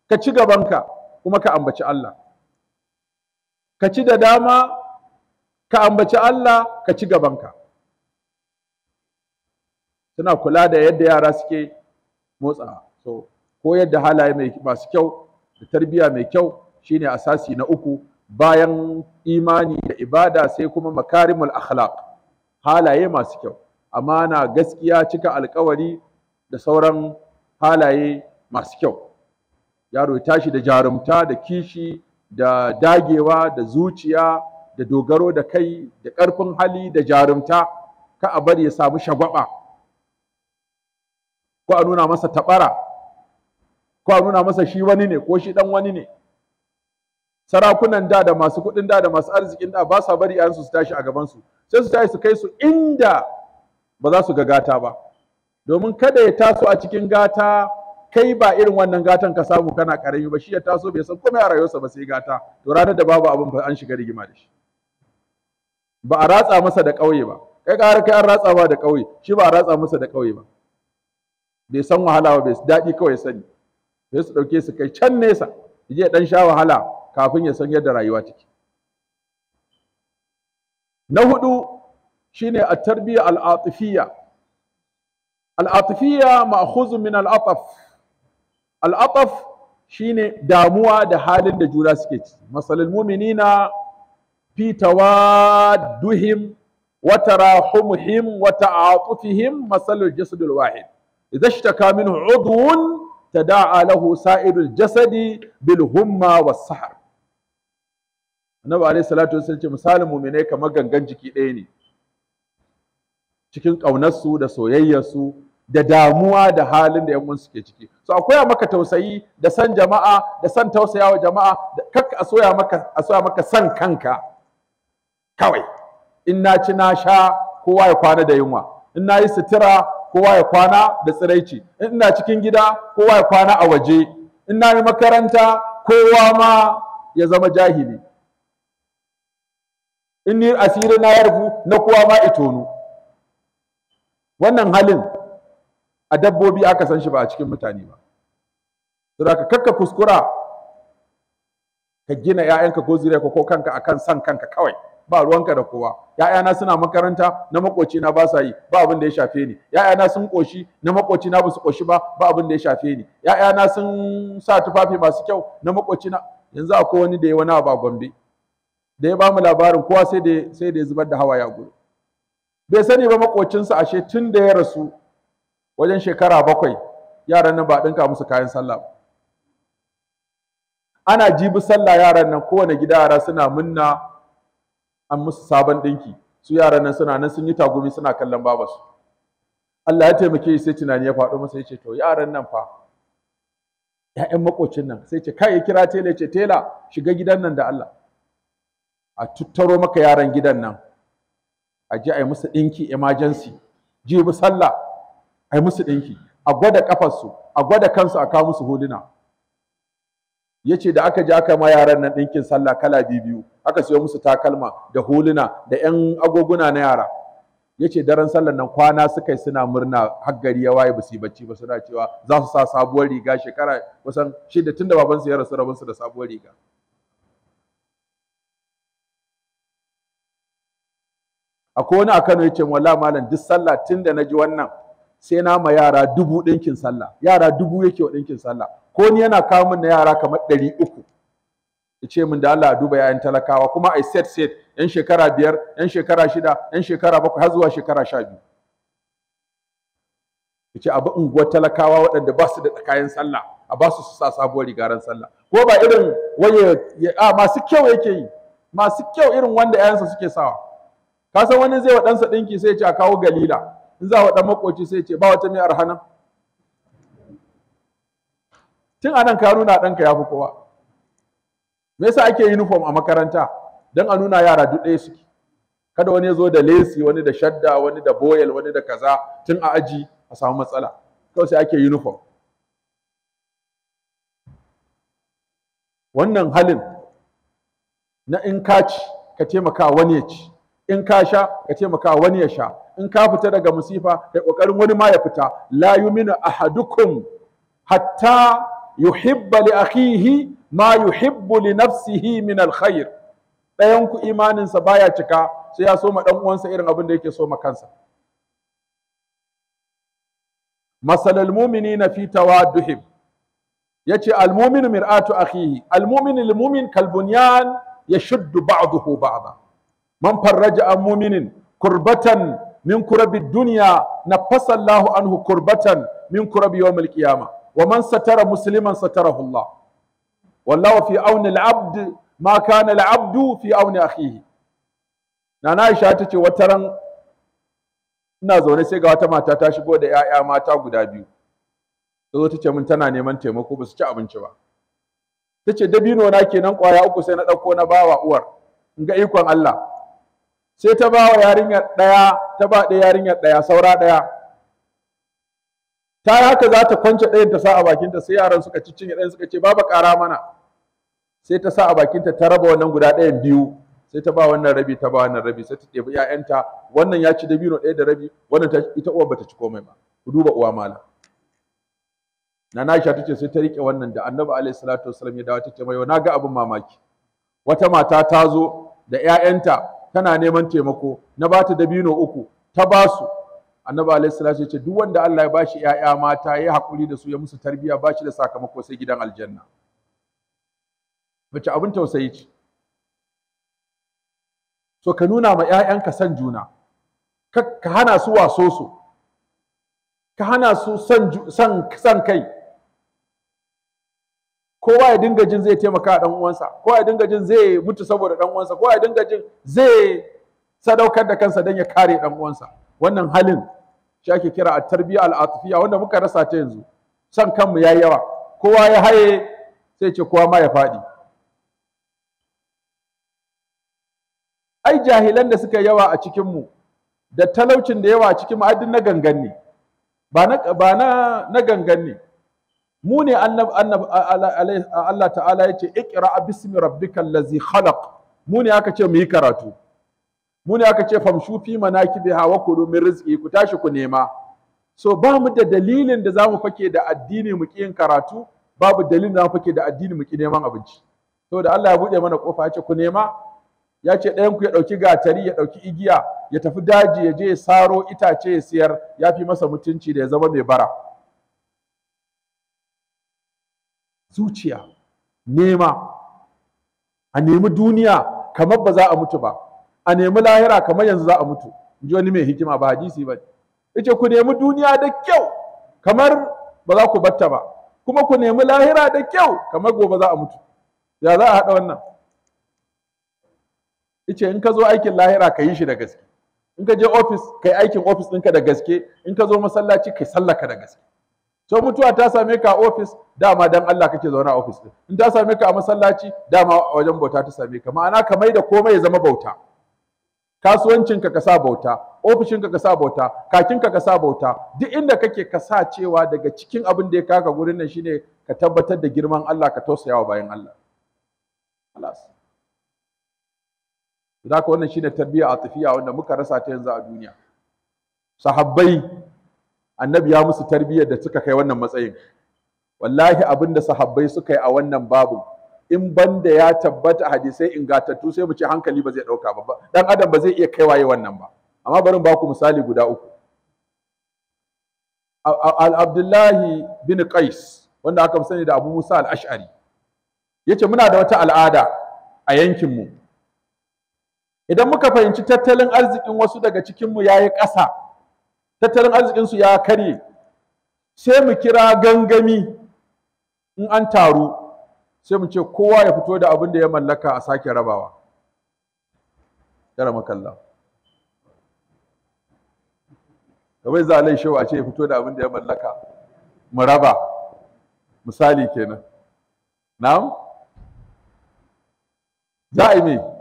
ka ci gabanka kuma ka ambaci Allah ka ci da dama ka ambaci Allah ka ci gabanka suna kula da yadda yara suke motsa so ko yadda halaye mai masu kyau da tarbiyya mai kyau shine asasi na uku bayan imani da ibada sai kuma makarimul akhlaq halaye masu kyau amma na gaskiya cika alkawari da sauran halaye masu kyau yaro ya tashi da jarumta da kishi da dagewa da zuciya da dogaro da kai da ƙarfin hali da jarumta ka a bari ya samu shagwaba ko a nuna masa tabara ko a nuna masa shi wani ne ko shi dan wani ne sarakunan da da masu kuɗin da da masu arzikin da ba sa bari 'ya'yansu su tashi a gabansu sai su tashi su kai su inda ba za su ga gata ba domin kada ya taso a cikin gata kai ba irin wannan gatan ka samu kana karami ba shi ya taso bai san komai a rayuwarsa ba sai gata to ranar da babu abin ba an shiga rigima da shi ba a ratsa masa da ƙauye ba kai ƙara kai an ratsa ba da ƙauye shi ba a ratsa masa da ƙauye ba bai san wahala ba bai daɗi kawai sani sai su ɗauke su kai can nesa ya je ɗan sha wahala kafin ya san yadda rayuwa take na hudu shine at-tarbiyya al-atifiyya al min al-ataf shi ne shine damuwa da halin da juna suke ci masalul mu'minina fi tawadduhim wata tarahumuhim wa ta'atufihim masalul jasadul wahid ta kamin minhu ta da'a lahu sa'irul jasadi bil humma sahar annabi alayhi salatu wasallam ce misalin mu'minai kamar gangan jiki ɗaya ne cikin ƙaunarsu da su da damuwa da halin da yan suke ciki so akwai a maka tausayi da san jama'a da san tausayawa jama'a da kakka a soya maka a soya maka san kanka kawai in na ci na sha kowa ya kwana da yunwa in na yi sutura kowa ya kwana da tsiraici in ina cikin gida kowa ya kwana a waje in na yi makaranta kowa ma ya zama jahili ni asiri na ya yarfu na kowa ma itonu wannan halin a dabbobi aka san shi ba a cikin mutane ba saboda kakka kuskura ka gina 'ya'yanka ko zuriyarka ko kanka akan san kanka kawai ba ruwanka da kowa ‘ya'yana suna makaranta na makoci na ba sa yi ba abin da ya shafe ni ‘ya'yana sun koshi na makoci na ba su koshi ba ba abin da ya shafe ni ‘ya'yana sun sa tufafi masu kyau na makoci na yanzu akwai wani da ya wani ba gombe da ya ba mu labarin kowa sai da ya zubar da hawa ya gudu. bai sani ba makocinsa ashe tun da ya rasu wajen shekara bakwai yaran nan ba ɗinka musu kayan sallah ba ana jibi sallah yaran nan kowane gida yara suna munna an musu sabon ɗinki su yaran nan suna nan sun yi tagumi suna kallon babasu Allah ya taimake sai tunani ya faɗo masa ya ce to yaran nan fa ‘ya'yan makocin nan sai ce kai ya kira tela ce tela shiga gidan nan da Allah a tuttaro maka yaran gidan nan a ji a yi musu ɗinki emergency jibi sallah a yi musu ɗinki a gwada ƙafarsu a gwada kansu a kawo musu huluna ya ce da aka ji aka ma yaran nan ɗinkin sallah kala biyu aka siyo musu takalma da huluna da ƴan agoguna na yara ya ce daren sallar nan kwana suka yi suna murna har gari ya waye basu yi bacci ba suna cewa za su sa sabuwar riga shekara kusan shida tunda babansu ya rasu rabinsu da sabuwar riga akwai wani a Kano yace wallahi malam duk sallah tunda naji wannan sai na ma yara dubu ɗinkin sallah yara dubu yake wa ɗinkin sallah ko ni yana kawo min na yara kamar ɗari uku ce min da Allah a duba yayan talakawa kuma ai set set yan shekara biyar yan shekara shida yan shekara bakwai har zuwa shekara sha biyu ce abu unguwar talakawa waɗanda ba su da kayan sallah a ba su su sa sabuwar rigaran sallah ko ba irin waye a masu kyau yake yi masu kyau irin wanda yayansa suke sawa ka san wani zai wa ɗansa ɗinki sai ce a kawo galila in za wa ɗan makoci sai ce ba wata mai arhana tun anan ka nuna ɗanka ya fi kowa me yasa ake uniform a makaranta don a nuna yara duk ɗaya suke kada wani ya zo da lesi wani da shadda wani da boyel wani da kaza tun a aji a samu matsala kawai sai ake uniform wannan halin na in ka ci ka taimaka wani ya ci in ka sha ka taimaka wani ya sha in ka fita daga musifa kai kokarin wani ma ya fita la yuminu ahadukum hatta yuhibba li akhihi ma yuhibbu li nafsihi min alkhair dayan ku imanin sa baya cika sai ya soma ɗan dan uwansa irin abin da yake so ma kansa masalal mu'minina fi tawadduhim yace almu'minu mir'atu akhihi almu'minu lilmu'min kalbunyan yashuddu ba'dahu ba'da man farraja an muminin kurbatan min kurabi duniya na anhu kurbatan min kurabi yawmil qiyama wa man satara musliman satarahu fi auni al-abd ma kana fi auni akhihi nana Aisha tace wataran ina zaune sai ga wata mata ta shigo da 'ya'ya mata guda biyu ta ta ce min tana neman taimako ba su ci abinci ba ta ce dabino na kenan ƙwaya uku sai na ɗauko na bawa uwar Inga ikon Allah sai ta ba wa yarinyar ɗaya ta ba ɗaya yarinyar ɗaya saura ɗaya ta yi haka za ta kwance ɗayan ta sa a bakinta sai yaran suka ci cinye ɗayan suka ce babu ƙara mana sai ta sa a bakinta ta raba wannan guda ɗayan biyu sai ta ba wannan rabi ta ba wannan rabi sai ta ɗebi ƴaƴanta wannan ya ci dabino ɗaya da rabi wannan ta ita uwar bata ci komai ba ku duba uwa mala Nana Aisha tace sai ta rike wannan da Annabi alaihi salatu wasallam ya dawo tace mai na ga abin mamaki wata mata ta zo da ƴaƴanta tana neman taimako na ba ta dabino uku ta ba su annabi alaihi salatu ce duk wanda Allah ya bashi ƴaƴa mata ya hakuri da su ya musu tarbiyya ba shi da sakamako sai gidan aljanna mace abin tausayi ce so ka nuna ma ƴaƴanka san juna ka hana su waso su ka hana su san san kai kowa ya dinga jin zai taimaka dan uwansa kowa ya dinga jin zai mutu saboda dan uwansa kowa ya dinga jin zai sadaukar da kansa dan ya kare dan uwansa wannan halin shi ake kira a tarbiyya al'atifiya wanda muka rasa ta yanzu San kanmu ya yawa kowa ya haye sai ce kowa ma ya faɗi ai jahilan da suka yawa a cikinmu da talaucin da yawa a cikinmu ai na gangan ne ba na gangan ne mu ne Allah ta'ala ya ce ikira bismi rabbikal lazi khalaq mu ne aka ce mu yi karatu mu ne aka ce famshu fi manakibiha wa kulu min rizqi ku tashi ku nema so ba mu da dalilin da zamu fake da addini mu yin karatu babu dalilin da mu fake da addini mu ki neman abinci da Allah ya bude mana kofa ya ce ku nema ya ce ɗayan ku ya ɗauki gatari ya ɗauki igiya ya tafi daji ya je ya saro itace ya siyar ya fi masa mutunci da ya zama mai bara zuciya nema a nemi duniya kamar ba za a mutu ba a nemi lahira kamar yanzu za a mutu in ji wani mai hikima ba hadisi ba yace ku nemi duniya da kyau kamar ba za ku batta ba kuma ku nemi lahira da kyau kamar gobe za a mutu ya za a haɗa wannan yace in ka zo aikin lahira ka yi shi da gaske in ka je ofis ka yi aikin ofis ɗinka da gaske in ka zo masallaci ka sallaka da gaske to mutuwa ta same ka a ofis dama dan Allah kake zaune a ofis din in ta same ka a masallaci dama a wajen bauta ta same ka ma'ana ka mai da komai ya zama bauta kasuwancin ka sa bauta ofishinka ka sa bauta Kakin ka ka sa bauta duk inda kake ka sa cewa daga cikin abin da ya kaka gurin nan shine ka tabbatar da girman Allah ka tausaya wa bayan Allah خلاص ka wannan shine tarbiyya a tafiya wanda muka rasa ta yanzu a duniya sahabbai annabi ya musu tarbiyyar da suka kai wannan matsayin wallahi abin da sahabbai suka yi a wannan babu in banda ya tabbata hadisai ingatattu sai mu ce hankali ba zai dauka ba dan adam ba zai iya kaiwa yi wannan ba amma bari ba ku misali guda uku Abdullahi bin Qais wanda aka sani da Abu Musa al-Ash'ari yace muna da wata al'ada a yankin mu idan muka fahimci tattalin arzikin wasu daga cikin mu yayi ƙasa tattalin arzikinsu ya karye sai mu kira gangami in an taru sai mu ce kowa ya fito da abin da ya mallaka a sake rabawa yarama kalla kawai za a lai a ce ya fito da abin da ya mallaka mu raba misali kenan na'am za a yi mai.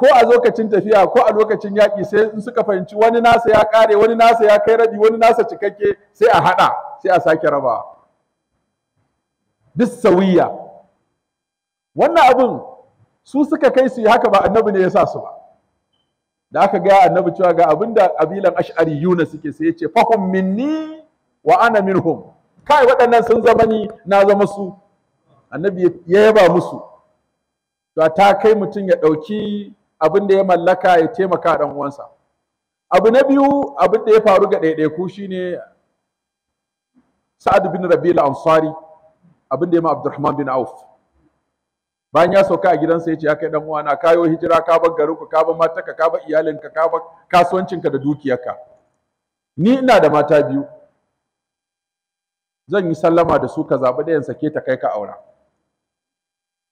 ko a lokacin tafiya ko a lokacin yaƙi sai in suka fahimci wani nasa ya ƙare wani nasa ya kai rabi wani nasa cikakke sai a haɗa sai a sake raba duk sawiya. wannan abin su suka kai su haka ba annabi ne ya sa su ba da aka ga annabi cewa ga abin da abilan ash'ari yuna suke sai ya ce fahum minni wa ana minhum kai waɗannan sun zama ni na zama su annabi ya yaba musu to ta kai mutum ya ɗauki abin da ya mallaka ya taimaka dan uwansa abu na biyu abin da ya faru ga ɗaiɗaiku shine sa'ad bin rabi'ul ansari abin da ya ma abdurrahman bin auf bayan ya sauka a gidansa ya ce ya kai dan uwana kayo hijira ka bar garinku ka bar matarka ka bar iyalinka ka bar kasuwancinka da dukiyarka ni ina da mata biyu zan yi sallama da su ka zaɓi ɗayan sake ta kai ka aura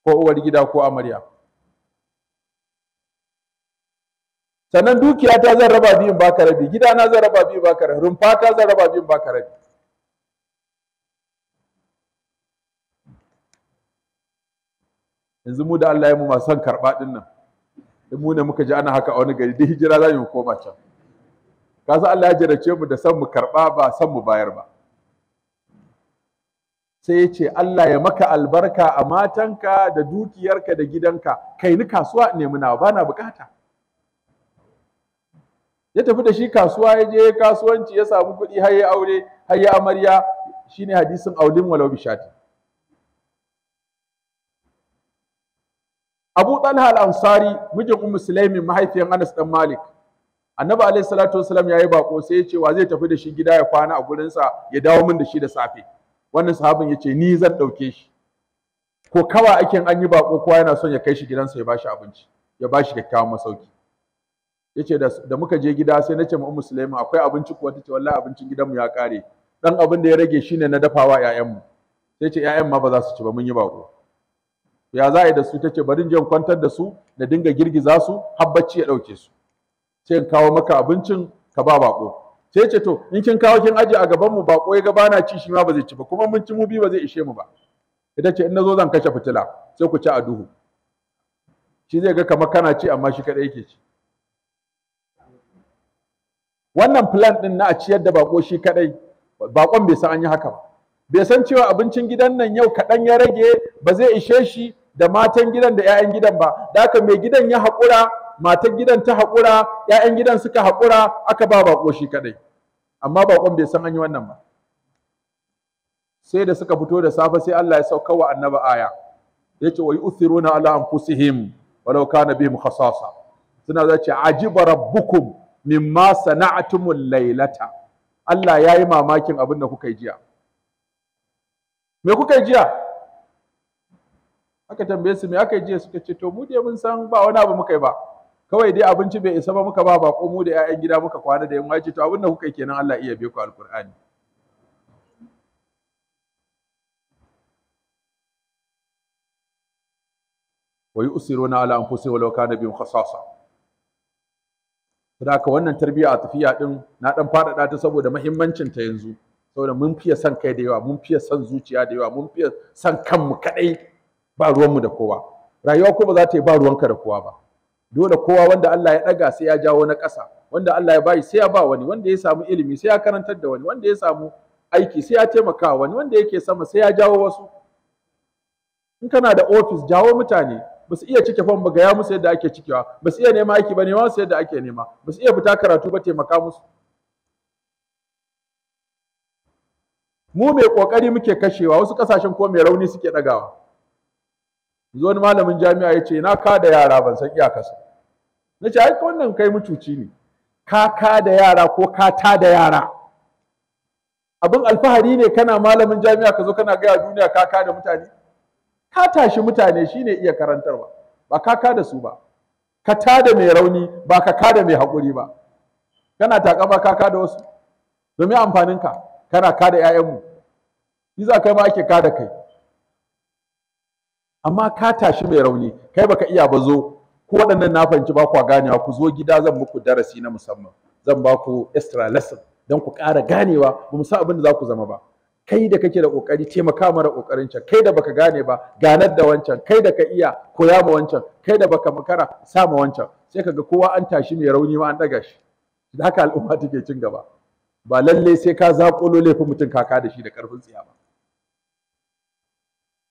ko uwar gida ko amarya sannan dukiya ta zan raba biyun baka rabi gida zan raba biyun baka rabi rumfa ta zan raba biyun baka rabi yanzu mu da Allah ya mu masu son karɓa ɗin nan in mu ne muka ji ana haka a wani gari duk hijira za mu koma can ka san Allah ya jarace mu da san mu karɓa ba san mu bayar ba sai ya ce Allah ya maka albarka a matanka da dukiyarka da gidanka kai ni kasuwa ne muna ba na bukata ya tafi da shi kasuwa ya je kasuwanci ya samu kuɗi har ya aure har ya amarya shine hadisin audin walau bishati Abu Talha al-Ansari mijin Ummu Sulaimin mahaifiyar Anas dan Malik Annabi alaihi salatu wasallam yayi bako sai ya ce wa zai tafi da shi gida ya kwana a gurin sa ya dawo min da shi da safe wannan sahabin ya ce ni zan dauke shi ko kawa ake an yi bako kowa yana son ya kai shi gidansa ya bashi abinci ya bashi kyakkyawan masauki yace da muka je gida sai nace ce ma ummu sulaima akwai abinci kuwa tace wallahi abincin gidanmu ya kare dan abin da ya rage shine na dafawa ya'yanmu. sai ce 'ya'yan ma ba za su ci ba mun yi bako ya za a yi da su tace barin jan kwantar da su na dinga girgiza su har bacci ya dauke su sai in kawo maka abincin ka ba bako sai ce to in kin kawo kin aje a gaban mu bako ya ga bana ci shi ma ba zai ci ba kuma mun ci mu bi ba zai ishe mu ba ita ce in nazo zan kashe fitila sai ku ci a duhu shi zai ga kamar kana ci amma shi kadai yake ci wannan plan din na a ciyar da bako shi kadai bakon bai san an yi haka ba bai san cewa abincin gidan nan yau kaɗan ya rage ba zai ishe shi da matan gidan da 'ya'yan gidan ba da haka mai gidan ya haƙura matan gidan ta haƙura 'ya'yan gidan suka haƙura aka ba bako shi kadai amma bakon bai san an yi wannan ba sai da suka fito da safe sai Allah ya sauka wa annaba aya yace wa yu'thiruna ala anfusihim walau kana bihim khasasa suna zace ajiba rabbukum mimma sana'atumul lailata Allah ya yi mamakin abin da kuka jiya me kuka jiya aka tambaye su me aka yi jiya suka ce to mu dai mun san ba wani abu muka yi ba kawai dai abinci bai isa ba muka ba ko mu da 'ya'yan gida muka kwana da yamma ce to abin da kuka yi kenan Allah iya biyo ku alkur'ani wa yusiruna ala anfusihim walau kana bihim khasasa saboda haka wannan tarbiyya a tafiya din na dan faɗaɗa ta saboda mahimmancin ta yanzu saboda mun fiye son kai da yawa mun fiye son zuciya da yawa mun fiye son kanmu kaɗai, ba ruwanmu da kowa rayuwa ko ba za ta yi ba ruwanka da kowa ba dole kowa wanda Allah ya daga sai ya jawo na ƙasa wanda Allah ya bayi sai ya ba wani wanda ya samu ilimi sai ya karantar da wani wanda ya samu aiki sai ya taimaka wani wanda yake sama sai ya jawo wasu in kana da ofis jawo mutane ba su iya cike fom ba gaya musu yadda ake cikewa ba su iya nema aiki ba nema musu yadda ake nema ba su iya fita karatu ba taimaka musu mu mai kokari muke kashewa wasu kasashen ko mai rauni suke dagawa wani malamin jami'a ya ce na ka da yara ban san iyakarsu na ce ai wannan kai mutuci ne ka ka da yara ko ka ta da yara abin alfahari ne kana malamin jami'a ka zo kana gaya duniya ka ka da mutane ka tashi mutane shine iya karantarwa ba ka kada su ba ka tada mai rauni ba ka kada mai haƙuri ba kana ba ka kada wasu domin amfaninka kana kada 'ya'yanmu shi za kai ma ake kada kai amma ka tashi mai rauni kai baka iya ba zo ko waɗannan na fahimci ba kwa ganewa ku zo gida zan muku darasi na musamman zan ba ku extra lesson don ku ƙara ganewa ba mu san abin da za ku zama ba kai da kake da kokari taimaka mara kokarin can kai da baka gane ba ganar da wancan kai da ka iya koya ma wancan kai da baka makara sa ma wancan sai kaga kowa an tashi mai rauni ma an daga shi da haka al'umma take cin gaba ba lalle sai ka zaƙulo laifin mutum kaka da shi da karfin tsiya ba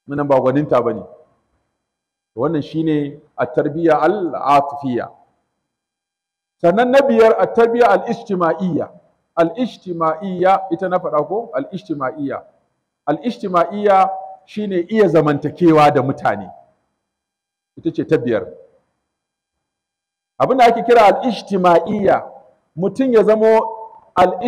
munan ba gwaninta bane wannan shine at tarbiya al-atifiyya sannan na biyar at tarbiya al-ijtima'iyya al ita na faɗa ko al’ishtima’iyya al’ishtima’iyya shi ne shine iya zamantakewa da mutane ita ce ta biyar abin da ake kira al’ishtima’iyya mutum ya zamo al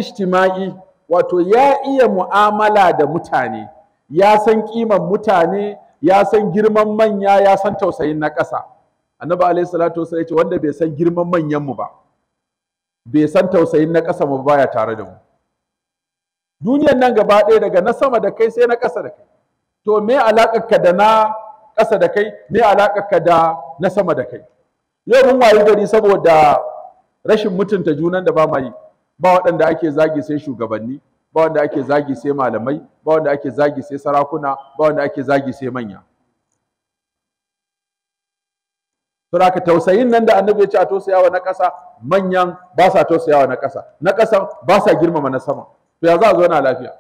wato ya iya mu'amala da mutane ya san ƙiman mutane ya san girman manya ya san tausayin na ƙasa annabi alaihi salatu wasallam ce wanda bai san girman manyan mu ba bai san tausayin na ƙasa mu baya tare da mu duniyan nan gaba ɗaya daga na sama da kai sai na ƙasa da kai to me alaƙar ka da na ƙasa da kai me alaƙar ka da na sama da kai yau mun wayi gari saboda rashin mutunta junan da ba ma yi ba waɗanda ake zagi sai shugabanni ba wanda ake zagi sai malamai ba wanda ake zagi sai sarakuna ba wanda ake zagi sai manya ka tausayin nan da annabi ya ce a tausayawa na ƙasa manyan ba sa tausayawa na ƙasa na ƙasa ba sa girmama na sama to ya za a zo na lafiya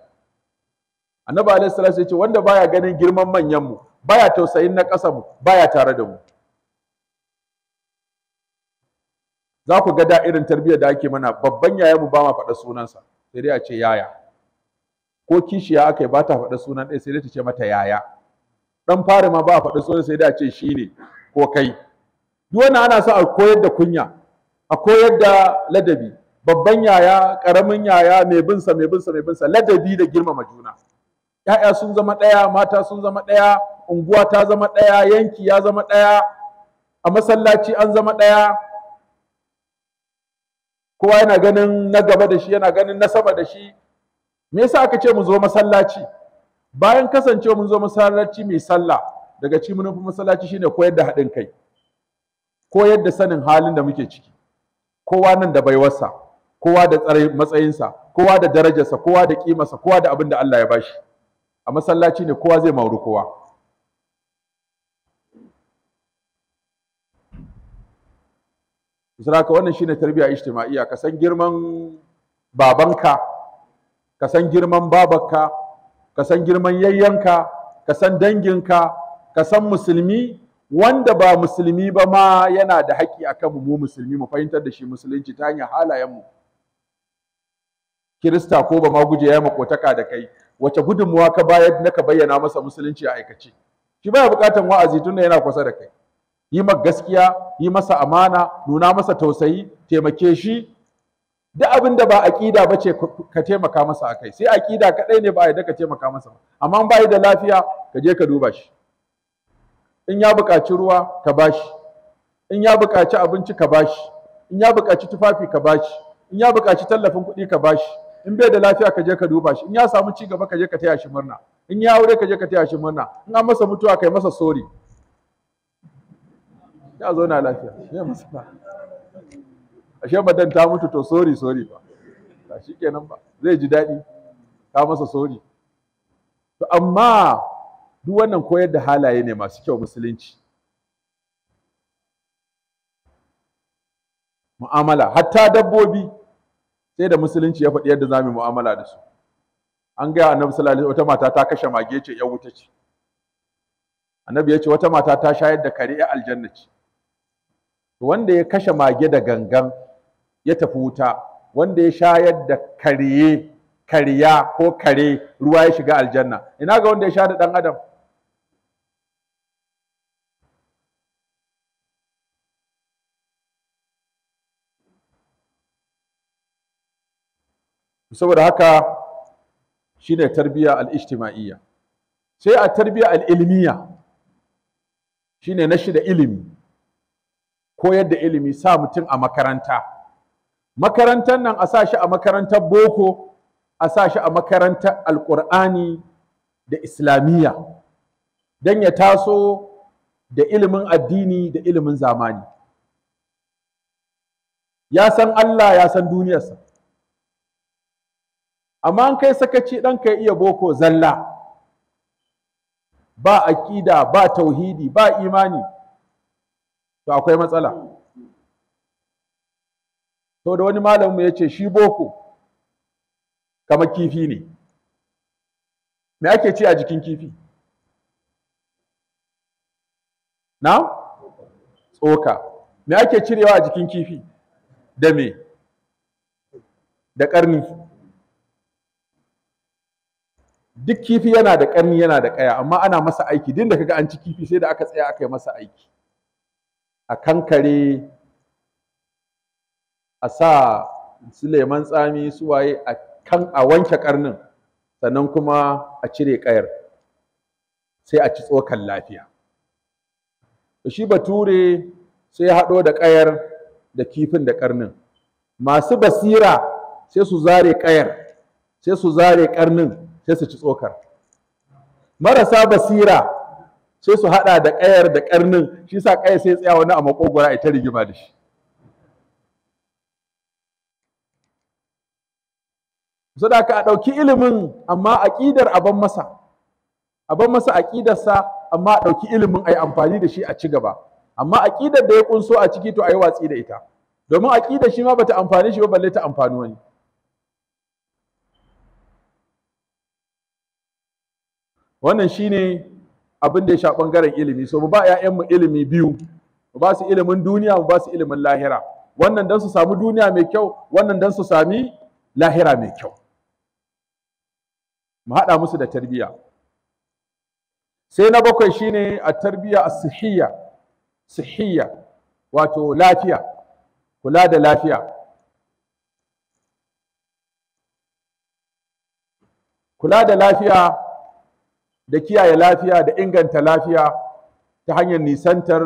annabi alaihi salatu ya ce wanda baya ganin girman manyan mu baya tausayin na ƙasa mu baya tare da mu za ku ga da irin tarbiyya da ake mana babban yaya mu ba ma faɗa sunansa sai dai a ce yaya ko kishiya aka yi ba ta faɗa sunan ɗaya sai dai ta ce mata yaya ɗan fari ma ba a faɗa sunan sai dai a ce shi ne ko kai duk wannan ana so a koyar da kunya a koyar da ladabi babban yaya karamin yaya mai binsa mai binsa mai binsa ladabi da girmama juna ya'ya sun zama ɗaya mata sun zama ɗaya unguwa ta zama ɗaya yanki ya zama ɗaya a masallaci an zama ɗaya kowa yana ganin na gaba da shi yana ganin na sama da shi me yasa aka ce mu zo masallaci bayan kasancewa mun zo masallaci mai sallah daga cikin manufin masallaci shine koyar da haɗin kai Ko yadda sanin halin da muke ciki kowa nan da baiwarsa kowa da matsayinsa kowa da darajarsa kowa da kimarsa kowa da abin da Allah ya bashi a masallaci ne kowa zai mauri kowa Saraka wannan shine tarbiyya ijtima'iyya ka san girman babanka ka san girman babarka ka san girman yayyanka ka san danginka ka san musulmi wanda ba musulmi ba ma yana da haƙƙi akan mu musulmi mu fahimtar da shi musulunci ta hanyar halayenmu kirista ko ba ma guje ya makotaka da kai wace gudunmuwa ka bayar na ka bayyana masa musulunci a aikace shi baya bukatan wa'azi tunda yana kusa da kai yi maka gaskiya yi masa amana nuna masa tausayi taimake shi duk abin da ba aƙida ba ce ka taimaka masa a kai, sai aƙida kaɗai ne ba a yadda ka taimaka masa amma ba da lafiya ka je ka duba shi in ya buƙaci ruwa ka bashi in ya buƙaci abinci ka bashi in ya buƙaci tufafi ka bashi in ya buƙaci tallafin kuɗi ka bashi in bai da lafiya ka je ka duba shi in ya samu ci gaba ka je ka taya shi murna in ya aure ka je ka taya shi murna in an masa mutuwa kai masa sori ya zo na lafiya ya masa ashe madan ta mutu to sori sori ba ba shikenan ba zai ji daɗi ka masa sori to amma duk wannan koyar da halaye ne masu kyau musulunci mu'amala hatta dabbobi sai da musulunci ya faɗi yadda za mu mu'amala da su an gaya annabi sallallahu alaihi wata mata ta kashe mage ce ya wuta ce annabi ya ce wata mata ta shayar da kare ya aljanna ce wanda ya kashe mage da gangan ya tafi wuta wanda ya shayar da kariye kariya ko kare ruwa ya shiga aljanna ina ga wanda ya sha da dan adam saboda haka shine tarbiyya al-ijtima'iyya sai a tarbiyya al-ilmiya shine na shida ilimi koyar da ilimi sa mutum a makaranta makarantar nan a sa shi a makarantar boko a sa shi a makarantar alkur'ani da islamiyya don ya taso da ilimin addini da ilimin zamani ya san Allah ya san duniyarsa amma an kai sakaci ɗan ka iya boko zalla ba aƙida ba tauhidi ba imani to akwai matsala to da wani malamin ya ce shi boko kama kifi ne me ake ci a jikin kifi na tsoka me ake cirewa a jikin kifi da me da ƙarni duk kifi yana da ƙarni yana da ƙaya amma ana masa aiki din da kaga an ci kifi sai da aka tsaya aka yi masa aiki a kankare a sa suleman tsami waye a kan a wanke ƙarnin sannan kuma a cire ƙayar sai a ci tsokan lafiya shi bature sai ya haɗo da ƙayar da kifin da ƙarnin masu basira sai su zare ƙayar sai su zare ƙarnin sai su ci tsokar marasa basira sai su hada da ƙayar da ƙarnin shi sa ƙaya sai tsaya wani a makogora a ita rigima da shi Sadaka, a ɗauki ilimin amma aban masa aban masa aƙidarsa amma a ɗauki ilimin a amfani da shi a ci gaba amma aƙidar da ya ƙunso a ciki to a yi watsi da ita domin aƙidar shi ma bata amfani shi ba balle ta amfani wani wannan shine abin da ya sha bangaren ilimi so mu ba mu ilimi biyu mu ba su ilimin duniya mu ba su ilimin lahira wannan dan su samu duniya mai kyau wannan dan su sami lahira mai kyau mu haɗa musu da tarbiyya sai na bakwai shine a tarbiyya a sihiyya sihiyya wato lafiya kula da lafiya kula da lafiya da kiyaye lafiya da inganta lafiya ta hanyar nisantar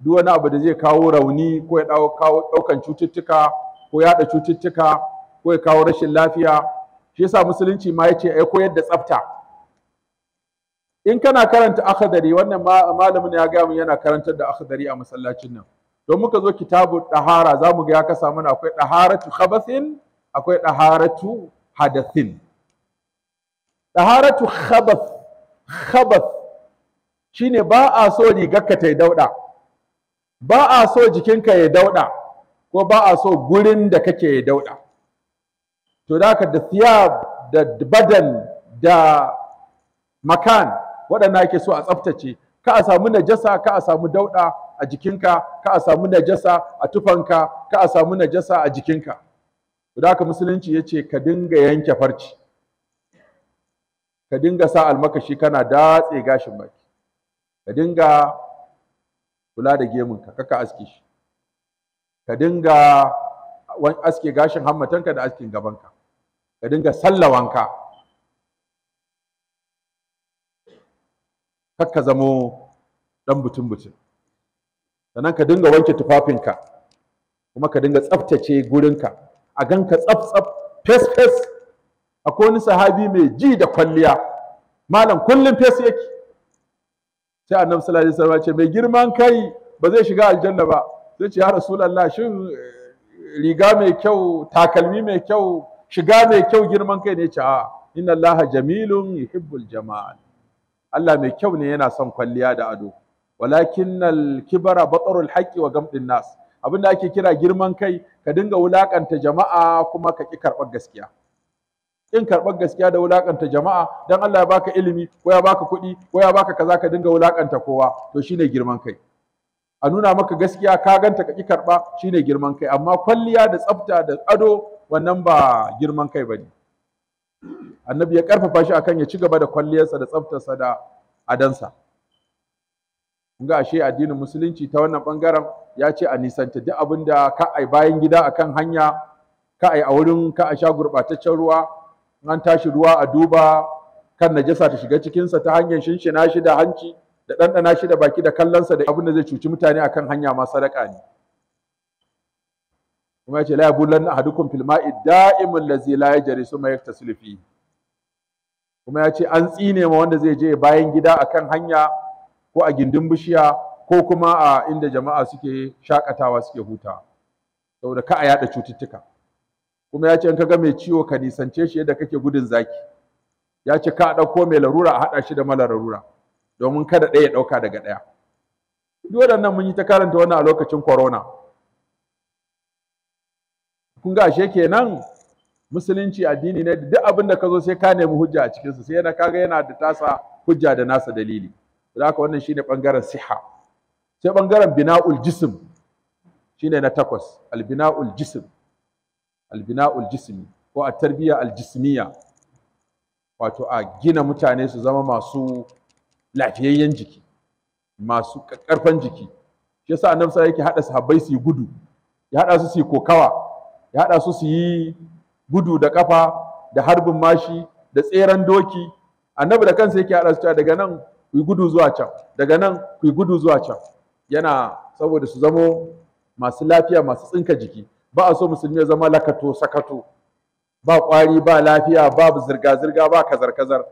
duk wani abu da zai kawo rauni ko ya ɗaukan cututtuka ko yaɗa cututtuka ko ya kawo rashin lafiya shi yasa musulunci ma yace ai koyar da tsafta in kana karanta akhdari wannan malamin ya ga mun yana karantar da akhdari a masallacin nan don muka zo kitabu dahara zamu ga ya kasa mana akwai daharatu khabathin akwai daharatu hadathin daharatu khabath khabas shine ba a so rigarka ta yi dauɗa ba a so jikinka ya dauɗa ko ba a so gurin da kake ya dauɗa to da ka da siyab da badan da makan waɗanda ake so a tsaftace ka a samu najasa ka a samu dauɗa a jikinka ka a samu najasa a tufanka ka a samu najasa a jikinka to da ka musulunci yace ka dinga yanke farci ka dinga sa almakashi kana datse gashin baki ka dinga kula da gemunka kaka aske shi ka dinga wani aske gashin hammatanka da askin gabanka ka dinga sallawanka kaka zamo dan butun butun sannan ka dinga wanke tufafinka kuma ka dinga tsaftace gurinka a ganka tsaf tsaf fes fes akwai wani sahabi mai ji da kwalliya malam kullum fesa yake sai annabi sallallahu alaihi wasallam ce mai girman kai ba zai shiga aljanna ba sai ce ya rasulullah shin eh, riga mai kyau takalmi mai kyau shiga mai kyau girman kai ne ce a inna allaha jamilun yuhibbul jamal Allah mai kyau ne yana son kwalliya da ado walakinnal kibara batarul haqqi wa gamdin nas abinda ake kira girman kai ka dinga wulakanta jama'a kuma ka ki karɓar gaskiya in karɓar gaskiya da wulakanta jama'a dan Allah ya baka ilimi ko ya baka kuɗi ko ya baka kaza ka dinga wulakanta kowa to shine girman kai a nuna maka gaskiya ka ganta ka ki karɓa shine girman kai amma kwalliya da tsafta da ado wannan ba girman kai bane annabi ya karfafa shi akan ya ci gaba da kwalliyarsa da tsaftarsa da adansa kun ga ashe addinin musulunci ta wannan bangaren ya ce a nisanta duk abinda ka ai bayan gida akan hanya ka ai a wurin ka a sha gurɓataccen ruwa an tashi ruwa a duba kan najasa ta shiga cikinsa ta hanyar shinshina shi da hanci da ɗanɗana shi da baki da kallonsa da abin da zai cuci mutane akan hanya ma sadaka ne kuma ya ce la yabulan ahadukum fil ma'i da'imun lazi la yajri suma yaktasilu fi kuma ya ce an tsine ma wanda zai je bayan gida akan hanya ko a gindin bishiya ko kuma a inda jama'a suke shakatawa suke huta saboda ka a yada cututtuka kuma ya ce in kaga mai ciwo ka nisance shi yadda kake gudun zaki ya ce ka ɗauko mai larura a haɗa shi da mara larura domin kada ɗaya ya ɗauka daga ɗaya duk waɗannan mun yi ta karanta wannan a lokacin corona kun ga ashe kenan musulunci addini ne duk abin da ka zo sai ka nemi hujja a cikinsa sai yana kaga yana da tasa hujja da nasa dalili don haka wannan shine bangaren siha sai bangaren bina'ul jism shine na takwas Al-Binaul, jism albina'ul jismi ko a tarbiyya aljismiya wato a gina mutane su zama masu lafiyayyen jiki masu karfan jiki shi yasa annabi sai yake hada sahabbai su yi gudu ya hada su su yi kokawa ya hada su su yi gudu da kafa da harbin mashi da tseren doki annabi da kansa yake hada su cewa daga nan ku yi gudu zuwa can daga nan ku yi gudu zuwa can yana saboda su zamo masu lafiya masu tsinka jiki ba a so musulmi ya zama lakato sakato ba ƙwari ba lafiya babu zirga-zirga ba kazar-kazar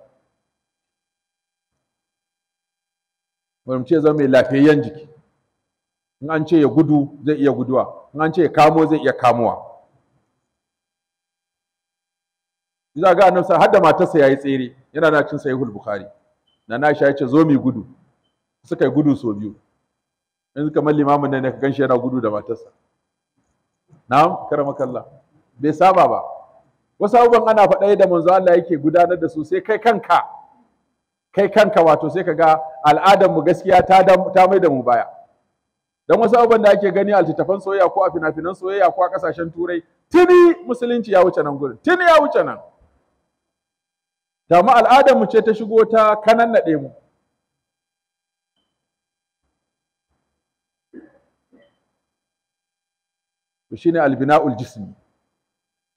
mu ce zama mai lafiyayyen jiki in an ce ya gudu zai iya guduwa in an ce ya kamo zai iya kamowa za ga annabi har da matarsa yayi tsere yana na cin sahihul bukhari na na ya ce zo mi gudu suka yi gudu sau biyu yanzu kamar limamin nan ne ka ganshi yana gudu da matarsa na'am karamaka Allah bai saba ba wasu abubuwan ana faɗa da manzo Allah yake gudanar da su sai kai kanka kai kanka wato sai ka ga al'adar mu gaskiya ta mai da mu baya dan wasu abubuwan da ake gani a littattafan soyayya ko a finafinan soyayya ko a kasashen turai tuni musulunci ya wuce nan gurin tuni ya wuce nan dama al'adar mu ce ta shigo ta kanan naɗe mu to shine albina'ul jismi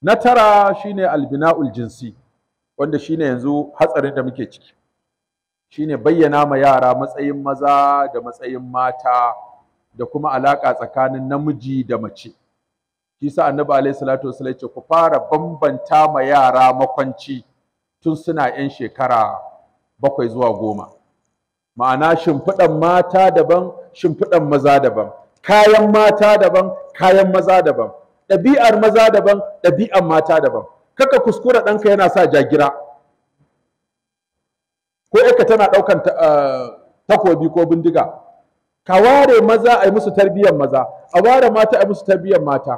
na tara shine albina'ul jinsi wanda shine yanzu hatsarin da muke ciki shine bayyana ma yara matsayin maza da matsayin mata da kuma alaka tsakanin namiji da mace Kisa annabi alaihi salatu wasallam ce ku fara bambanta ma yara makwanci tun suna yan shekara bakwai zuwa goma ma'ana shimfiɗan mata daban shimfiɗan maza daban kayan mata daban kayan maza daban ɗabi'ar maza daban ɗabi'ar mata daban kaka kuskura ɗanka yana sa jagira ko eka tana ɗaukan eh, takobi ko bindiga ka ware maza a yi musu tarbiyyar maza a ware mata a yi musu tarbiyyar mata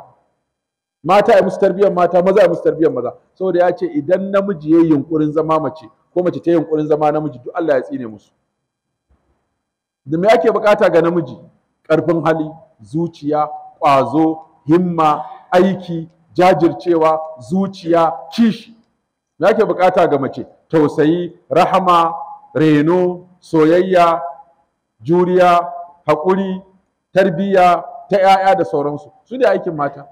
mata a yi musu tarbiyyar mata maza a yi musu tarbiyyar maza saboda ya ce idan namiji ya yi yunkurin zama mace ko mace ta yi yunkurin zama namiji duk Allah ya tsine musu da me ake bukata ga namiji ƙarfin hali zuciya ƙwazo himma aiki jajircewa zuciya kishi me ake bukata ga mace tausayi rahama reno soyayya juriya haƙuri tarbiyya ta 'ya'ya da sauransu su da aikin mata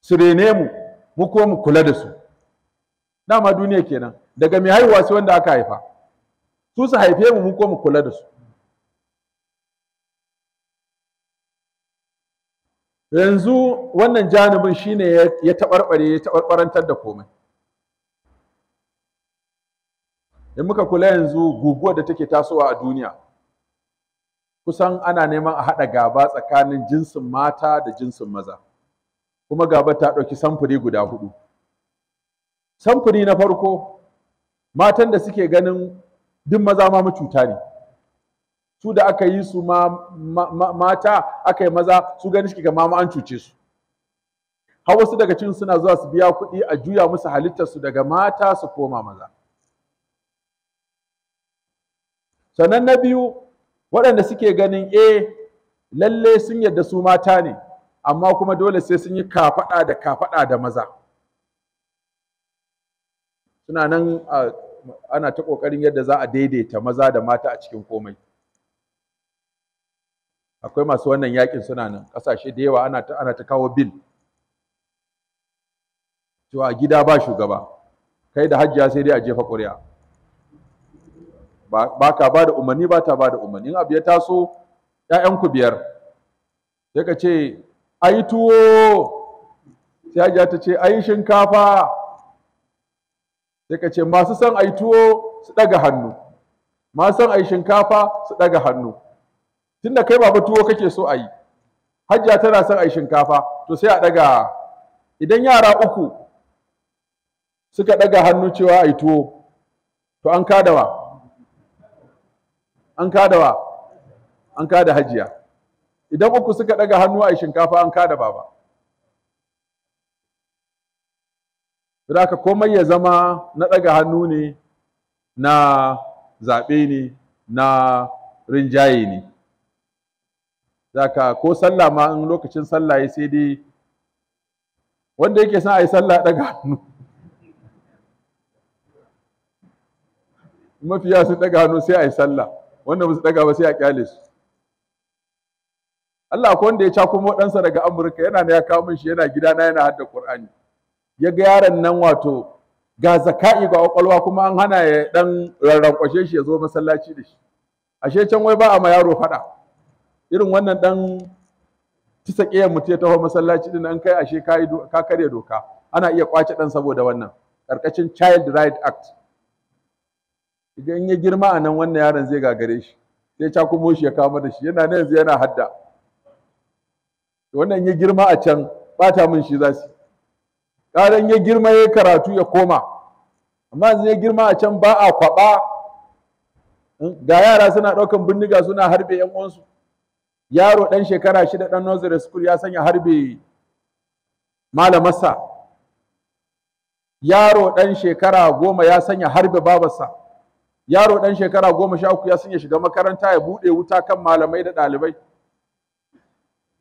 su rene mu mu ko mu kula da su dama duniya kenan daga mai haihuwa sai wanda aka haifa su su haife mu mu ko mu kula da su yanzu wannan janibin shine ya taɓarɓare ya taɓarɓarantar da komai in muka kula yanzu guguwar da take tasowa a duniya kusan ana neman a haɗa gaba tsakanin jinsin mata da jinsin maza kuma gaba ta ɗauki samfuri guda hudu samfuri na farko matan da suke ganin duk maza ma cuta ne su da aka yi su mata aka yi maza su gani shi mama an cuce su har wasu daga cikin suna zuwa su biya kuɗi a juya musu su daga mata su koma maza sannan na biyu waɗanda suke ganin e lalle sun yadda su mata ne amma kuma dole sai sun yi kafaɗa da kafaɗa da maza suna nan ana ta ƙoƙarin yadda za a daidaita maza da mata a cikin komai akwai masu wannan yakin suna nan ƙasashe da yawa ana ta ana ta kawo bil to a gida ba shugaba kai da hajjiya sai dai a jefa ƙuri'a ba ka ba da umarni ba ta ba da umarni in abu ya taso ku biyar sai ka ce ayi tuwo sai hajjiya ta ce ayi shinkafa sai ka ce masu son ayi tuwo su ɗaga hannu masu son ayi shinkafa su ɗaga hannu tunda kai ba tuwo kake so a yi hajja tana son a yi shinkafa to sai a ɗaga idan yara uku suka ɗaga hannu cewa a yi tuwo to an kadawa an kadawa an kada hajiya idan uku suka ɗaga hannu a yi shinkafa an kada baba Raka komai ya zama na ɗaga hannu ne na zaɓe ne na rinjaye ne zaka ko sallah ma in lokacin sallah ya sai dai wanda yake son a yi sallah daga hannu mafiya su daga hannu sai a yi sallah wanda ba su daga ba sai a kyale su Allah ko wanda ya ca kuma ɗansa daga Amurka yana ne ya kawo min shi yana gidana yana hadda Qur'ani ya ga yaron nan wato ga zaka'i ga kwakwalwa kuma an hana ya dan rarrankwashe shi ya zo masallaci da shi ashe can wai ba a ma yaro faɗa irin wannan dan tisa ƙiyar mutu ya taho masallaci din an kai ashe ka karya doka ana iya kwace dan saboda wannan karkashin child right act idan ya girma a nan wannan yaron zai gagare shi sai ta kuma shi ya kama da shi yana nan yanzu yana hadda wannan ya girma a can bata min shi za su ya girma ya karatu ya koma amma yanzu ya girma a can ba a kwaɓa ga yara suna ɗaukan bindiga suna harbe 'yan uwansu yaro ɗan shekara shida ɗan nursery school ya sanya harbe malamarsa yaro ɗan shekara goma ya sanya harbe babarsa yaro ɗan shekara goma sha uku ya sanya shiga makaranta ya buɗe wuta kan malamai da ɗalibai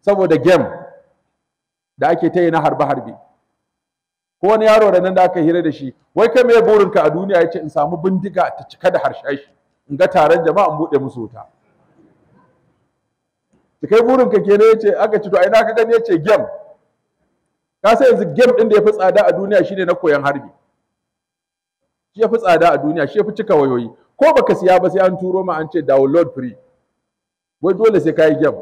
saboda game da ake ta yi na harbe-harbe ko wani yaro da nan da aka hira da shi wai kai me burinka a duniya ya ce in samu bindiga ta cika da shi in ga taron jama'a in buɗe musu wuta ki kai burin ka kenan ce, aka ci to ai na ka gani ce gem? ka sai yanzu gem din da ya fi tsada a duniya shine na koyan harbi shi ya fi tsada a duniya shi ya fi cika wayoyi ko baka siya ba sai an turo ma an ce download free wai dole sai kai gem.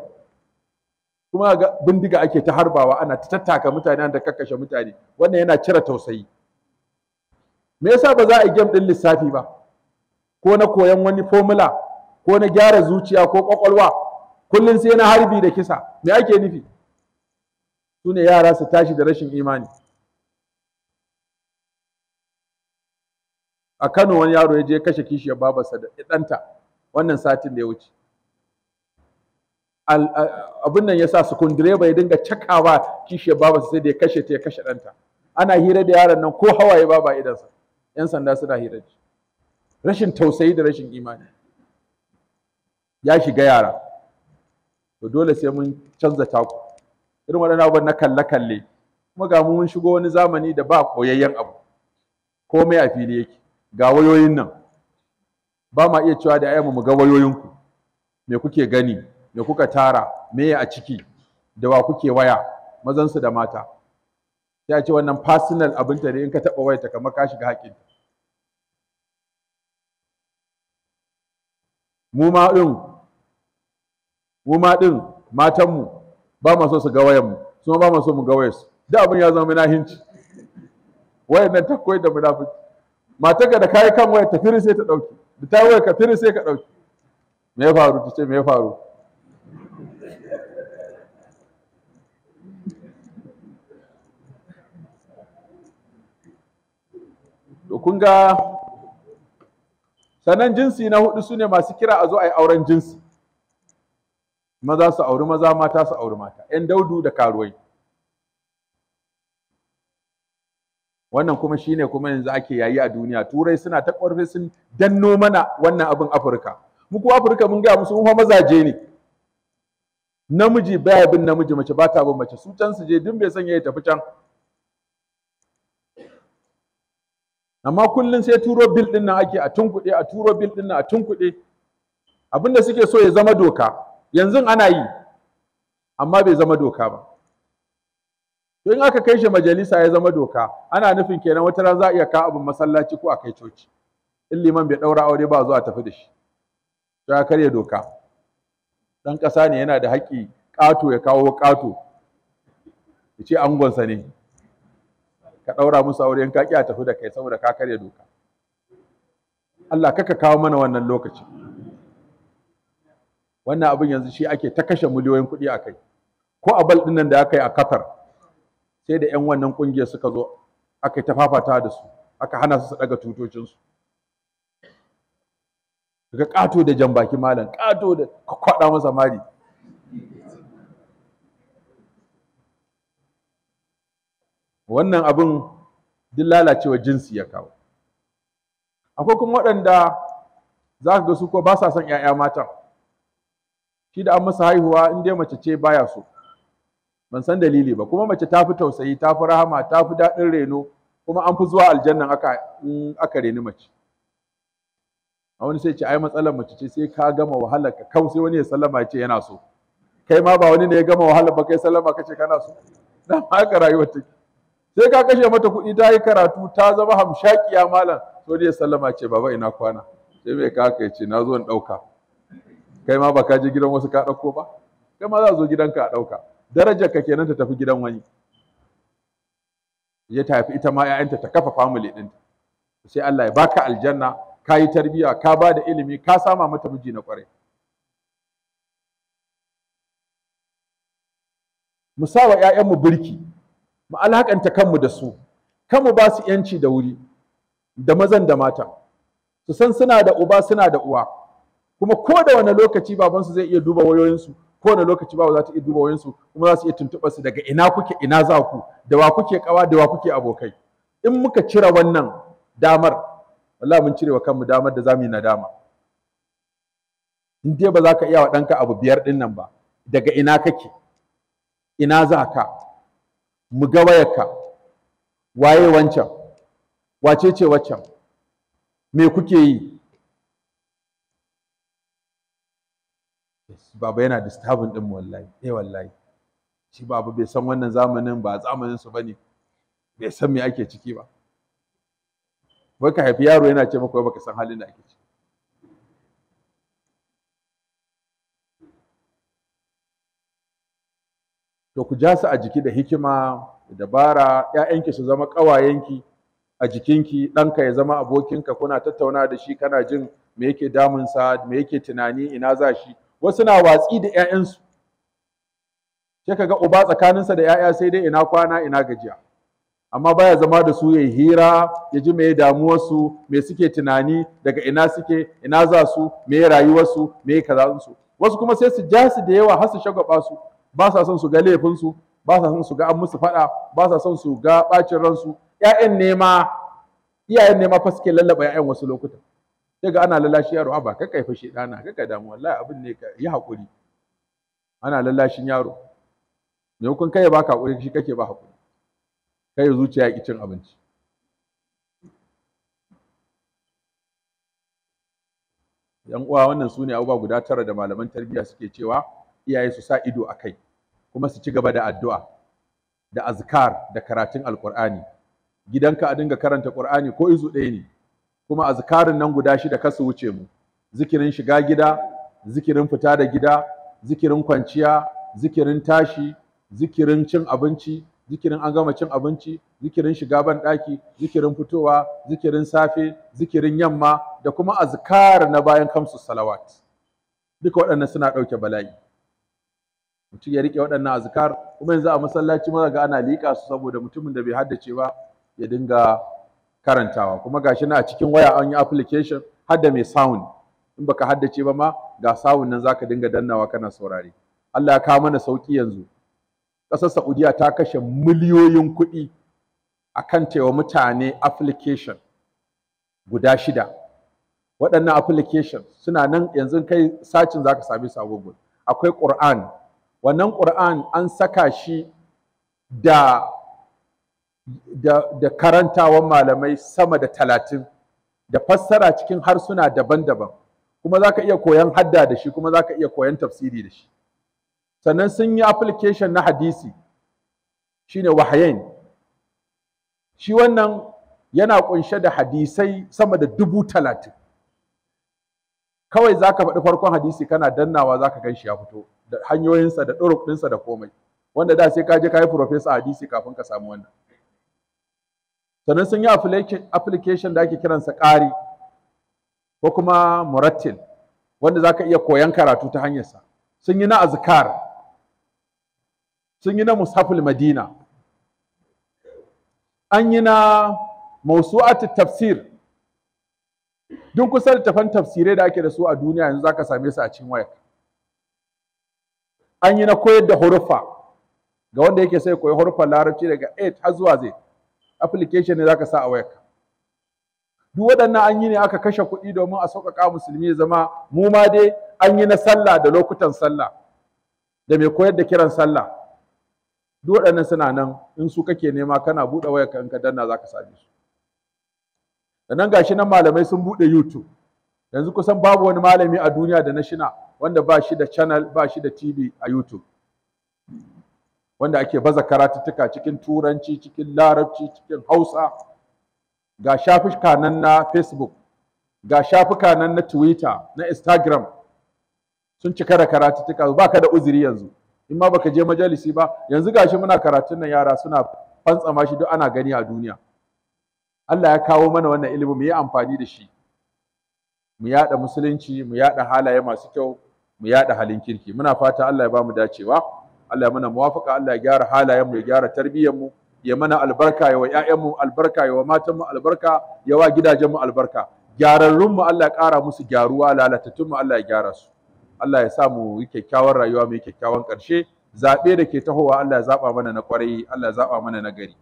kuma ga bindiga ake ta harbawa ana ta tattaka mutane da kakkashe mutane wannan yana cire tausayi me yasa ba za a yi gem din lissafi ba ko na koyan wani formula ko na gyara zuciya ko kwakwalwa kullum sai na harbi da kisa me ake nufi su ne yara su tashi da rashin imani a Kano wani yaro ya je kashe kishiyar babarsa da ɗanta wannan satin da ya wuce abin nan ya sa direba ya dinga cakawa kishiyar babarsa sai da ya kashe ta ya kashe ɗanta ana hira da yaron nan ko hawaye baba idansa yan sanda suna hira rashin tausayi da rashin imani ya shiga yara to dole sai mun canza taku irin waɗannan ba na kalle-kalle kuma ga mun shigo wani zamani da ba koyayyen abu komai a fili yake ga wayoyin nan ba ma iya cewa da ayyamu mu ga wayoyinku me kuke gani me kuka tara me a ciki da wa kuke waya mazansu da mata sai a ce wannan personal abinta ne in ka taɓa wayarta kamar ka shiga haƙin mu ma mu ma din matanmu ba mu so su ga wayanmu su ma ba mu so mu ga wayarsu da abin ya zama munahinci wayannan ta koyar da munafiki ga da kayi kan wayar tafiri sai ta dauki da ta wayar ka tafiri sai ka dauki me ya faru ta ce me ya faru to kun ga sanan jinsi na hudu su ne masu kira a zo a yi auren jinsi maza su auri maza mata su auri mata yan daudu da karuwai wannan kuma shine kuma yanzu ake yayi a duniya turai suna ta ƙwarfi sun danno mana wannan abin afirka muku afirka mun gaya musu kuma mazaje ne namiji baya bin namiji mace ba ta bin mace su can su je duk bai sanya ya tafi can amma kullum sai turo bil din nan ake a tunkuɗe a turo bil din nan a tunkuɗe abinda suke so ya zama doka yanzu ana yi amma bai zama doka ba to in aka kai shi majalisa ya zama doka ana nufin kenan wata ran za a iya ka abin masallaci ko a kai coci in liman bai daura aure ba zuwa tafi da shi to ya karya doka dan kasa ne yana da haƙƙi ƙato ya kawo ƙato ya ce angonsa ne ka daura musu aure in ka ƙi a tafi da kai saboda ka karya doka Allah kaka kawo mana wannan lokaci wannan abin yanzu shi ake ta kashe miliyoyin kuɗi a kai ko a bal ɗinnan da aka yi a Qatar sai da 'yan wannan ƙungiya suka zo aka yi ta fafata da su aka hana su su ɗaga tutocinsu daga ƙato da jan baki malam ƙato da kwaɗa masa mari wannan abin duk lalacewa jinsi ya kawo akwai kuma waɗanda za ka ga su ko ba sa son 'ya'ya matan shi da an masa haihuwa in dai mace ce baya so ban san dalili ba kuma mace ta fi tausayi ta fi rahama ta fi daɗin reno kuma an fi zuwa aljannan aka in aka reni mace a wani sai ce ai matsalar mace ce sai ka gama wahalar ka kau sai wani ya sallama ya ce yana so kai ma ba wani ne ya gama wahalar ba kai sallama kace kana so na haka rayuwar take sai ka kashe mata kuɗi ta yi karatu ta zama hamshakiya malam sai ya sallama ce baba ina kwana sai mai ka haka ya ce na zo in ɗauka kai ma baka je gidan wasu ka ɗauko ba kai ma za zo gidanka a ɗauka darajar ka kenan ta tafi gidan wani ya tafi ita ma 'ya'yanta ta kafa family ɗin sai Allah ya baka aljanna ka yi tarbiyya ka ba da ilimi ka sama mata miji na kwarai mu sa wa 'ya'yanmu birki mu alhakanta kanmu da su kanmu ba su 'yanci da wuri da mazan da mata su san suna da uba suna da uwa kuma ko da wani lokaci babansu zai iya duba wayoyinsu ko wani lokaci babu za ta iya duba wayoyinsu kuma za su iya tuntuɓar su daga ina kuke ina za ku da wa kuke kawa da wa kuke abokai in muka cire wannan damar wallahi mun cire wa kanmu damar da zamu yi nadama in dai ba za ka iya wa ɗanka abu biyar ɗin nan ba daga ina kake ina za ka mu ga wayarka waye wancan wacece ce me kuke yi baba yana disturbing din wallahi eh wallahi shi baba bai san wannan zamanin ba zamanin su bane bai san me ake ciki ba wai ka haifi yaro yana ce maka baka san halin da ake ciki to ku ja su a jiki da hikima da dabara ƴaƴanki su zama ƙawayenki a jikinki ɗanka ya zama abokinka kuna tattauna da shi kana jin me yake damunsa me yake tunani ina za shi wasu na watsi da 'ya'yansu sai ga uba tsakaninsa da 'ya'ya sai dai ina kwana ina gajiya amma baya zama da su ya yi hira ya ji mai damuwarsu mai suke tunani daga ina suke ina za su mai rayuwarsu me kazansu wasu kuma sai su ja su da yawa har su shagwaba su ba sa son su ga laifinsu ba sa son su ga an musu faɗa ba sa son su ga ɓacin ransu 'ya'yan nema, iyayen nema fa suke lallaba 'ya'yan wasu lokutan daga ana lalashi yaro ba ka kai fashe dana ka ka damu wallahi abin ne ka yi hakuri ana lallashin yaro me kun kai baka hakuri shi kake ba hakuri kai zuciya ki cin abinci yan uwa wannan sune abubuwa guda tara da malaman tarbiyya suke cewa iyaye su sa ido a kai kuma su ci gaba da addu'a da azkar da karatun alqur'ani gidanka a dinga karanta qur'ani ko izu ɗaya ne kuma azkarin nan guda shida kasu wuce mu zikirin shiga gida zikirin fita da gida zikirin kwanciya zikirin tashi zikirin cin abinci zikirin an gama cin abinci zikirin shiga ban daki zikirin fitowa zikirin safe zikirin yamma da kuma azkar na bayan kamsu salawat duka waɗannan suna ɗauke bala'i mutum ya rike waɗannan azkar kuma yanzu a masallaci mara ga ana liƙa su saboda mutumin da bai haddace ba ya dinga karantawa kuma gashi na a cikin waya an yi application har da mai sound in baka haddace ba ma ga sound nan zaka dinga dannawa kana saurare Allah ya kawo mana sauki yanzu ƙasar Saudiya ta kashe miliyoyin kuɗi akan taiwa mutane application guda shida waɗannan application suna nan yanzu kai sacin zaka sami su a Google akwai Qur'an wannan Qur'an an saka shi da da karantawan malamai sama da talatin da fassara cikin harsuna daban-daban kuma za ka iya koyan hadda da shi kuma za ka iya koyan tafsiri da shi sannan sun yi application na hadisi shine wahayen shi wannan yana kunshe da hadisai sama da dubu talatin kawai za ka faɗi farkon hadisi kana dannawa za ka gan shi ya fito da hanyoyinsa da ɗuruk ɗinsa da komai wanda da sai ka je ka yi profesa hadisi kafin ka samu wannan sannan sun yi application da ake kiransa ƙari ko kuma murattil wanda za ka iya koyan karatu ta hanyarsa sun yi na azkar sun yi na musafil madina an yi na mausu'atul tafsir duk kusa littafan tafsirai da ake da su a duniya yanzu za ka same su a cikin waya an yi na koyar da hurufa ga wanda yake sai koyi hurufan larabci daga 8 har zuwa zai application ne zaka sa a wayarka duk waɗannan an yi ne aka kashe kuɗi domin a sauƙaƙa musulmi ya zama mu ma dai an yi na sallah da lokutan sallah da mai koyar da kiran sallah duk waɗannan suna nan in su kake nema kana buɗe wayarka in ka danna zaka same su sannan gashi nan malamai sun buɗe YouTube yanzu kusan babu wani malami a duniya da na shina wanda ba shi da channel ba shi da TV a YouTube wanda ake baza karatuttuka cikin turanci cikin larabci cikin hausa ga shafuka nan na facebook ga shafuka nan na twitter na instagram sun cika da karatuttuka ba ka da uzuri yanzu in ma baka je majalisi ba yanzu gashi muna karatun nan yara suna fantsama shi duk ana gani a duniya Allah ya kawo mana wannan ilimi mu yi amfani da shi mu yada musulunci mu yada halaye masu kyau mu yada halin kirki muna fata Allah ya bamu dacewa Allah mana muwafaka Allah ya gyara halayen mu ya gyara tarbiyyar mu ya mana albarka ya wa ƴaƴan mu albarka ya wa matan mu albarka ya wa gidajen mu albarka gyararrun mu Allah ya ƙara musu gyaruwa lalatattunmu mu Allah ya gyara su Allah ya sa mu yi kyakkyawan rayuwa mai kyakkyawan ƙarshe zaɓe da ke tahowa Allah ya zaɓa mana na ƙwarai Allah ya zaɓa mana na gari